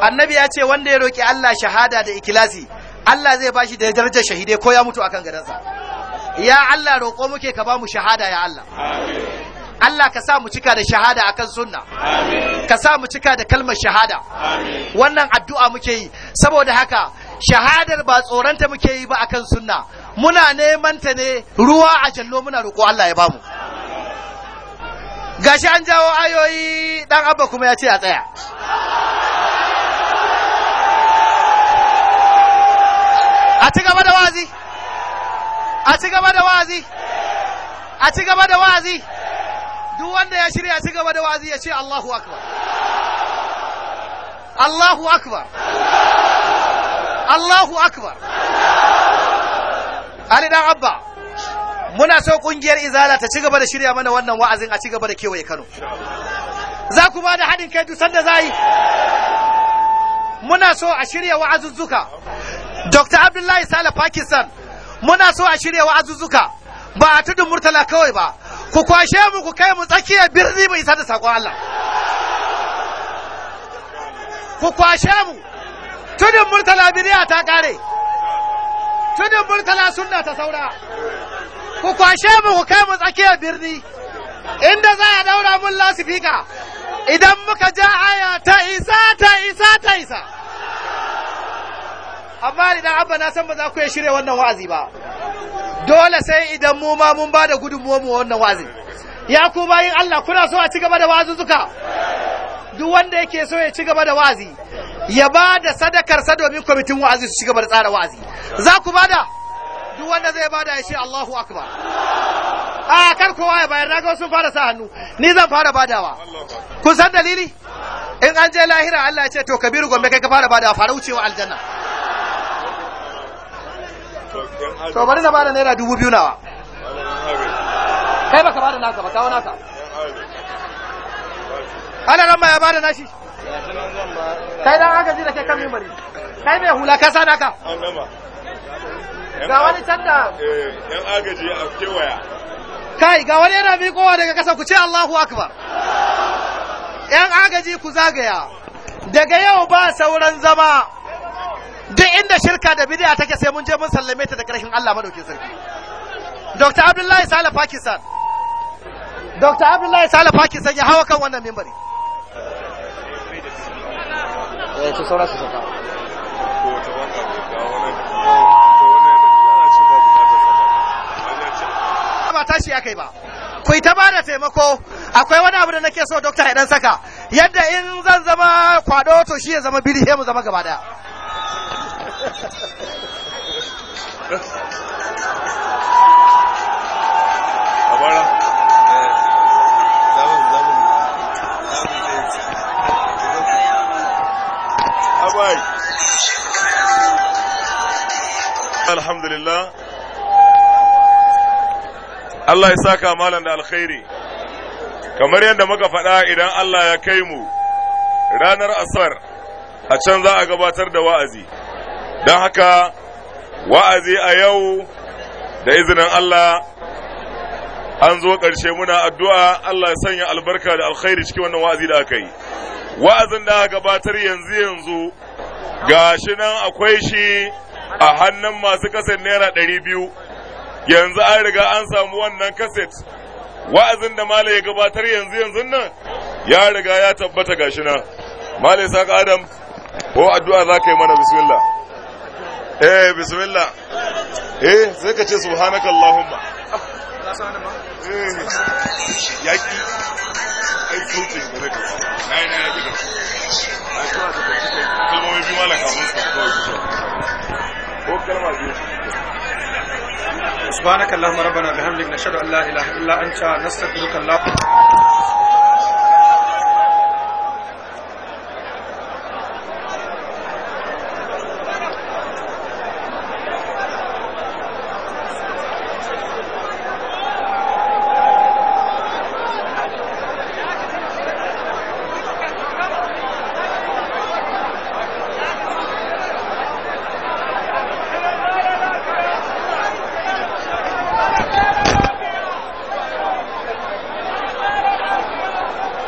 [SPEAKER 2] annabi ya ce wanda ya roki Allah shahada da ikilasi Allah zai bashi da darajar shahidai ko ya mutu akan gadansa ya Allah roƙo muke ka ba mu shahada ya Allah Allah ka sa mu cika da shahada a kan sunna ka sa mu cika da kalmar shahada wannan addu'a muke yi saboda haka shahadar ba tsoronta muke yi ba a kan sunna muna neman ta ne ruwa a jallo muna roƙo Allah ya ba bamu gashi an jawo ayoyi ɗan abba kuma ya ce a tsaya a ci gaba da wazi a ci gaba da wazi duk wanda ya shirya ci gaba da wazi ya ce Allahu akbar Allahu akbar Allahu akbar Ali dan Abba muna so kungiyar Izala ta ci gaba da shirya mana wannan wa'azin a ci gaba da kewaye Kano za ku ba da haɗin kai duk sanda za yi muna so a shirya wa'azuzzuka Dr. Abdullahi Sale Pakistan muna so a shirya azuzuka ba a tudun murtala kawai ba ku kwashe mu ku kai mu tsakiyar birni mu isa da saƙon Allah ku kwashe mu tudun murtala birniya ta ƙare tudun murtala sunna ta saura ku kwashe mu ku kai mu tsakiyar birni inda za a daura mun lasifika idan muka ja aya ta isa ta isa ta isa amma idan abba na san ba za ku iya shirya wannan wa'azi ba dole sai idan mu ma mun ba da gudunmuwa mu wannan wa'azi ya ku bayin Allah kuna so a ci gaba da zuka duk wanda yake so ya ci gaba da wa'azi ya ba da sadakarsa domin kwamitin wa'azi su ci gaba da tsara wa'azi za ku ba da duk wanda zai ba da ya ce Allahu akbar a kar kowa ya bayar na ga sun fara sa hannu ni zan fara badawa kun san dalili in an je lahira Allah ya ce to kabiru gombe kai ka fara badawa fara wucewa aljanna
[SPEAKER 3] to bari na bada naira
[SPEAKER 2] dubu biyu nawa kai baka bada naka ba kawo naka ana ramma ya bada nashi kai dan agaji da ke kan mimbari kai mai hula ka sa naka
[SPEAKER 1] ga wani canda
[SPEAKER 3] yan agaji a kewaya
[SPEAKER 2] kai ga wani yana kowa daga ƙasa ku ce Allahu Akbar yan agaji ku zagaya daga yau ba sauran zama duk inda shirka da bidiya take sai mun je mun sallame ta da ƙarfin Allah madaukin sarki Dr. Abdullahi Sale Pakistan Dr. Abdullahi Sale Pakistan ya hawa kan wannan
[SPEAKER 3] mimbari eh to saura su saka
[SPEAKER 2] ba tashi akai ba ku ta taimako akwai wani abu da nake so dokta ya dan saka yadda in zan zama kwado to shi ya zama biri mu zama gaba daya
[SPEAKER 3] Eh,
[SPEAKER 1] alhamdulillah Allah ya saka malam da alkhairi kamar yadda muka faɗa idan Allah ya kai mu ranar asar a can za a gabatar da wa'azi don haka wa'azi a yau da izinin Allah an zo ƙarshe muna addu'a Allah ya sanya albarka da alkhairi cikin wannan wa'azi da aka yi wa'azin da aka gabatar yanzu yanzu ga shi nan akwai shi a hannun masu kaset naira ɗari biyu yanzu an riga an samu wannan kaset wa'azin da mala ya gabatar yanzu yanzu nan ya riga ya tabbata ga shi nan mala ya saka adam ko addu'a za ka yi mana bismillah eh bismillah eh sai ka ce subhanaka allahumma
[SPEAKER 3] eh, na na yaki da kalmomi biyu
[SPEAKER 1] subhanaka allahumma rabbana nashhadu an la ilaha illa anta nastaghfiruka